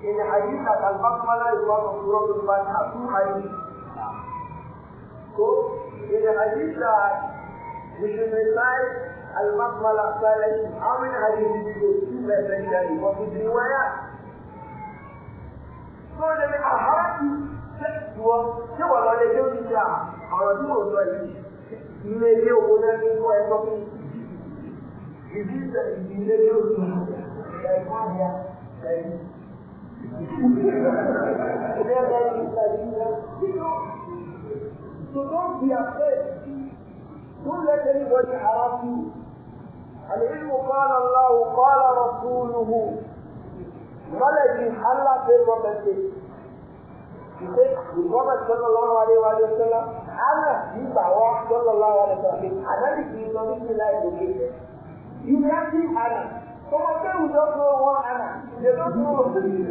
ان حديثك البسمله يقام سوره الفاتحه تو حديث ان حديثك you should recite البسمله silently how many hadiths you do two essentially but with riwayat so they may have ṣé wọ ṣé wọ lọ lè dé ojú ṣe àwọn tí mo sọ yìí ilé ilé owó náà ní kó ẹgbẹ́ fún ìdí ìdílé ilé ojú ẹ̀gbọ́n So don't be afraid. Don't let anybody harm you. العلم قال الله قال رسوله knowledge is Allah prerogative. He said, the Prophet sallallahu alayhi wa sallam, Allah is our sallallahu alayhi wa sallam. Allah is the only life located. You have seen Allah. Some of them will just know one Anna. They don't know. Only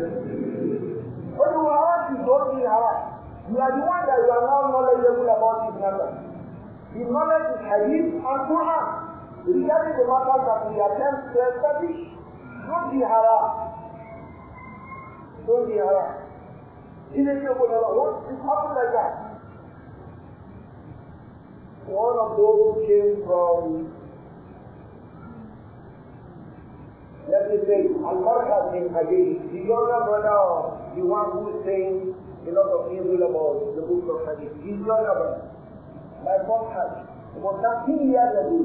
Muhammad is don't be Arab. You are the one that you are now knowledgeable about this matter. The knowledge is Hadith and Quran. Regarding the matter that we attempt to establish, don't be Arab. Don't be Arab. What is happened like that? One of those who came from Let me say, Allah has been Hadith. Do you know brother, the one who is saying a lot of evil about the book of Hadith? He He's your brother. My first Hadith. About 13 years ago.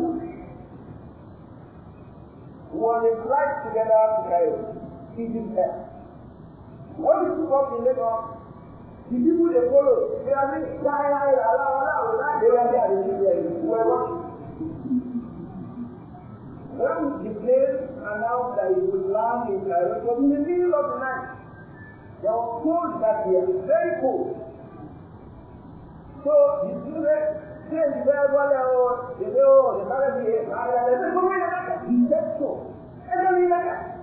Who were in flight together to Cairo. He did that. When he stopped in Lagos, the people they followed, they are saying, Allah, Allah, Allah, they were there, they were watching. When the plane announced that it would land in Cairo, it was in the middle of the night. There was cold that year, very cold. So the student said, the Bible, or the old, the old, the old. Malachi, they said, come here, He said so. And then he like that.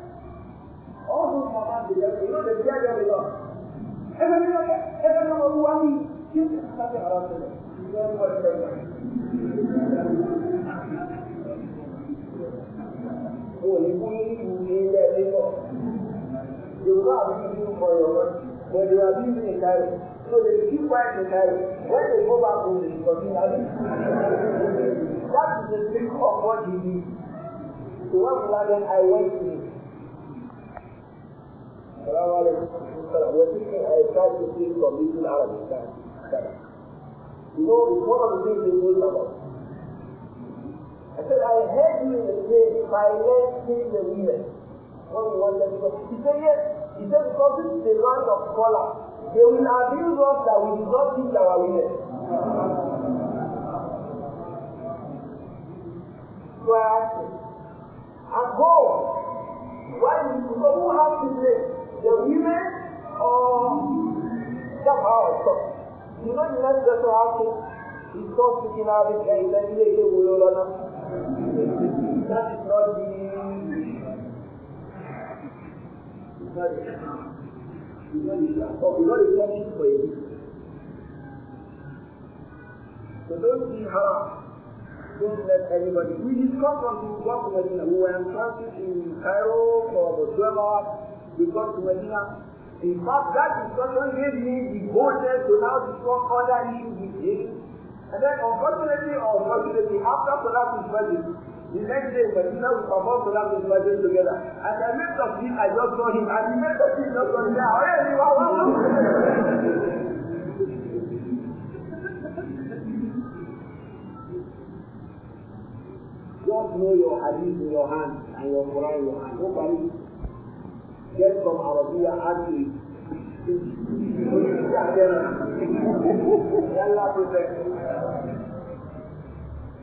All those mamas, they just, you know, they fear them a lot. And then he like that. And then number one, he said, nothing around them. He's very much better. wọn kú ní ìlú ilé ẹni náà. Yorùbá àbí ìlú ọ̀yọ́ wọn, wọ́n lè ìlú ìkárẹ̀. So they keep quiet in Cairo. When they go back home, they continue having That is the trick of what he do. So when we landed, I went to him. السلام عليكم وتلك الآيات التي في قبيل العرب كان You know, it's one of the things they told about. I said, I had you in the day by lengthening the year. When you want them to go. He said, yes. He said, because this is the land of scholars. They will abuse us that we did not teach our women. So I asked him, at home, why do you go who has to say the women or that house? You know the next person asking, he's not speaking Arabic and he's like, That is not the... It's not the... It's not the... Oh, it's not the for a So don't be harassed. Don't let anybody. We discussed on this walk to Medina. We were in transit in Cairo for the 12 hours. We got to Medina. In fact, that discussion gave me the boldness to now discuss other issues with him And then unfortunately or fortunately, after Salatul Fajr, the next day Medina will perform Salatul Fajr together. And the next of him, I just saw him, and the next of him just saw him, now, hey, you are welcome. Just know your hadith in your hand and your Quran in your hand. Nobody get from Arabia and to it. Allah protect you.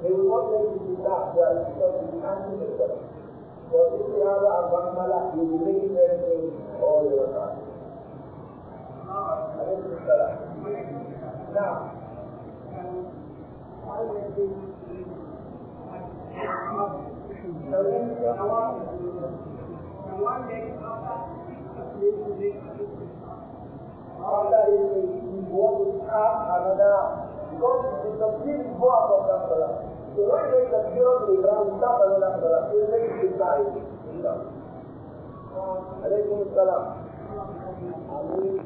They will not make that. They are because it is anti-system. But if you have a Bangmala, you will make it very clean all your time. Now, after day you won't and another, because it's a complete work of that Se noi pensazioni realtà non la relazione di Italia, Alaykum salam. He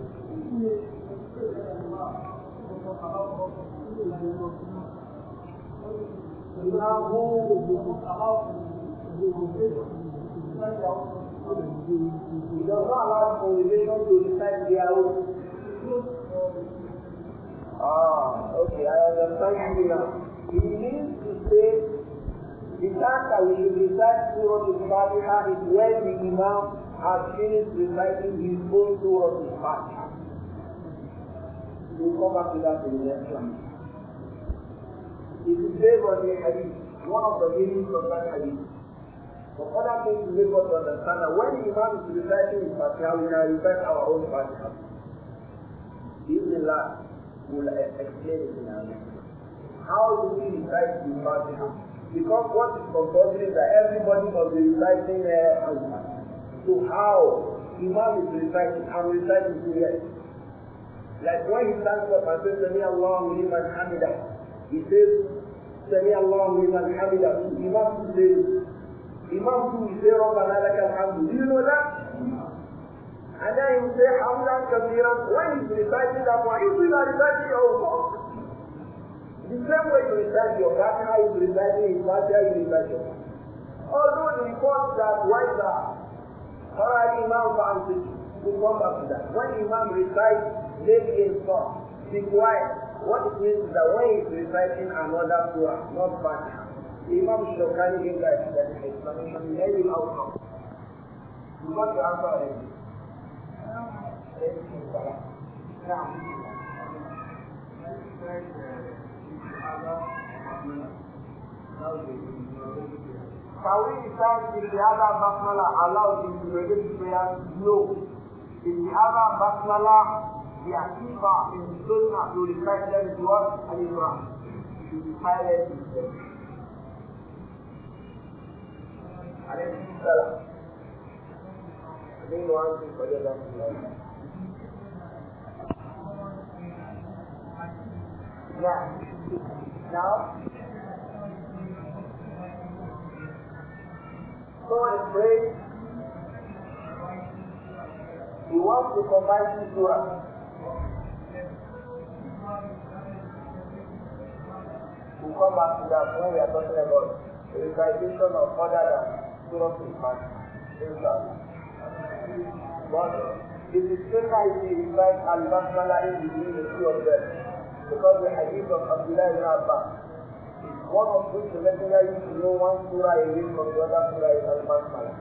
does not allow congregation to recite their own. Ah, okay, I understand you now. It means to say the time that we should recite Surah Al-Fatiha is when the Imam has finished reciting his own Surah Al-Fatiha. We'll come back to that in the next one. It is based on the hadith, one of the meanings of that hadith. But other things to make us understand that when the Imam is reciting his Fatiha, we can recite our own Fatiha. This We'll explain it in our next how do we recite the Fatiha? Because what is compulsory is that everybody must be reciting their Azman. So how? Imam is reciting, I'm reciting to Like when he stands up and says, Sami Allah liman hamida. He says, Sami Allah liman hamida. So Imam too says, Imam too, he says, Rabbana laka alhamdu. Do you know that? And then he will say, Hamdan kabiran. When he's reciting that one, he's reciting, oh God. The same way you recite your Ghana, you recite it, you recite Although the report that wiser, alright, Imam found it, we'll come back to that. When Imam recites, make a stop, be quiet. What it means is that when he's reciting another surah, not Fatiha, Imam Shokani gave that explanation, let him outcome. You got to answer him. Now, Can we decide if the other basmala allows him to relate prayers? No. If the other basmala, the akiva in the sunnah to recite them is what? An imam. To be silent with them. I didn't want to forget that. Yeah. Now, so I pray He wants to combine two up We come back to that when we are talking about the recitation of other than Surah Islam. But if the Sunnah is the invite al-Basmala the two of them, because the hadith of Abdullah ibn Abbas, one of which the messenger used to know one surah away from the other surah in Al-Masmala.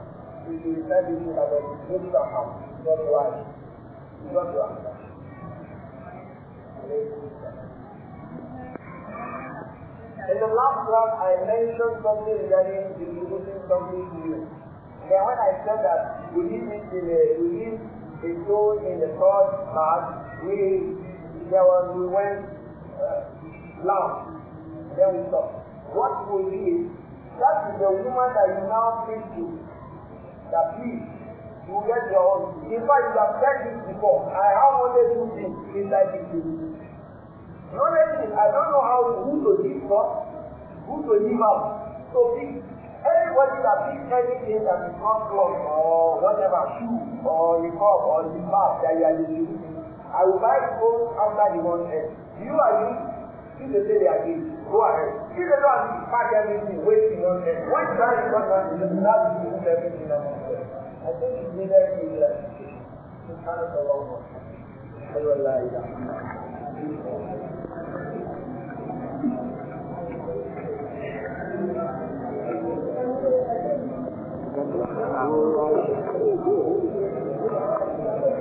So you recite it with about the same saham, not why. Not why. In the last round, I mentioned something regarding introducing something new. And when I said that we live uh, in the, we live a soul in the third part, we there was we went uh, lounge, then we stopped. What we did, that is the woman that you now speak to, that please, you get your own. In fact, you have said this before. I have only two things inside this thing. Knowledge is, I don't know how to, who to give for, who to give out. So please, everybody that picks anything that is not cloth or whatever, shoe or a cup or the bag that you are using, I will buy gold after the one end. You are you, if they say they are gay, go ahead. If they don't have pack everything, wait till one end. When you buy to, one end, you have to remove everything that is I think it's needed to be like, سبحانك اللهم وبحمدك أشهد أن لا إله إلا أنت Thank you.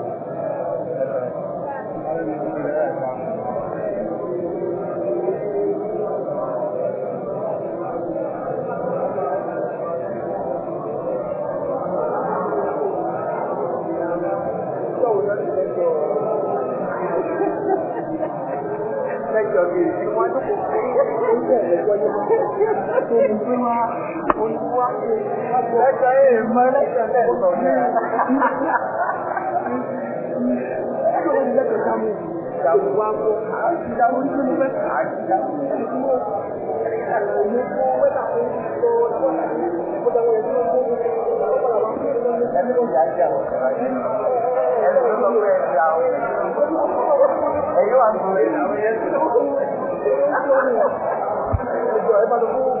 Ẹ̀yọ́ àgbọ̀rẹ̀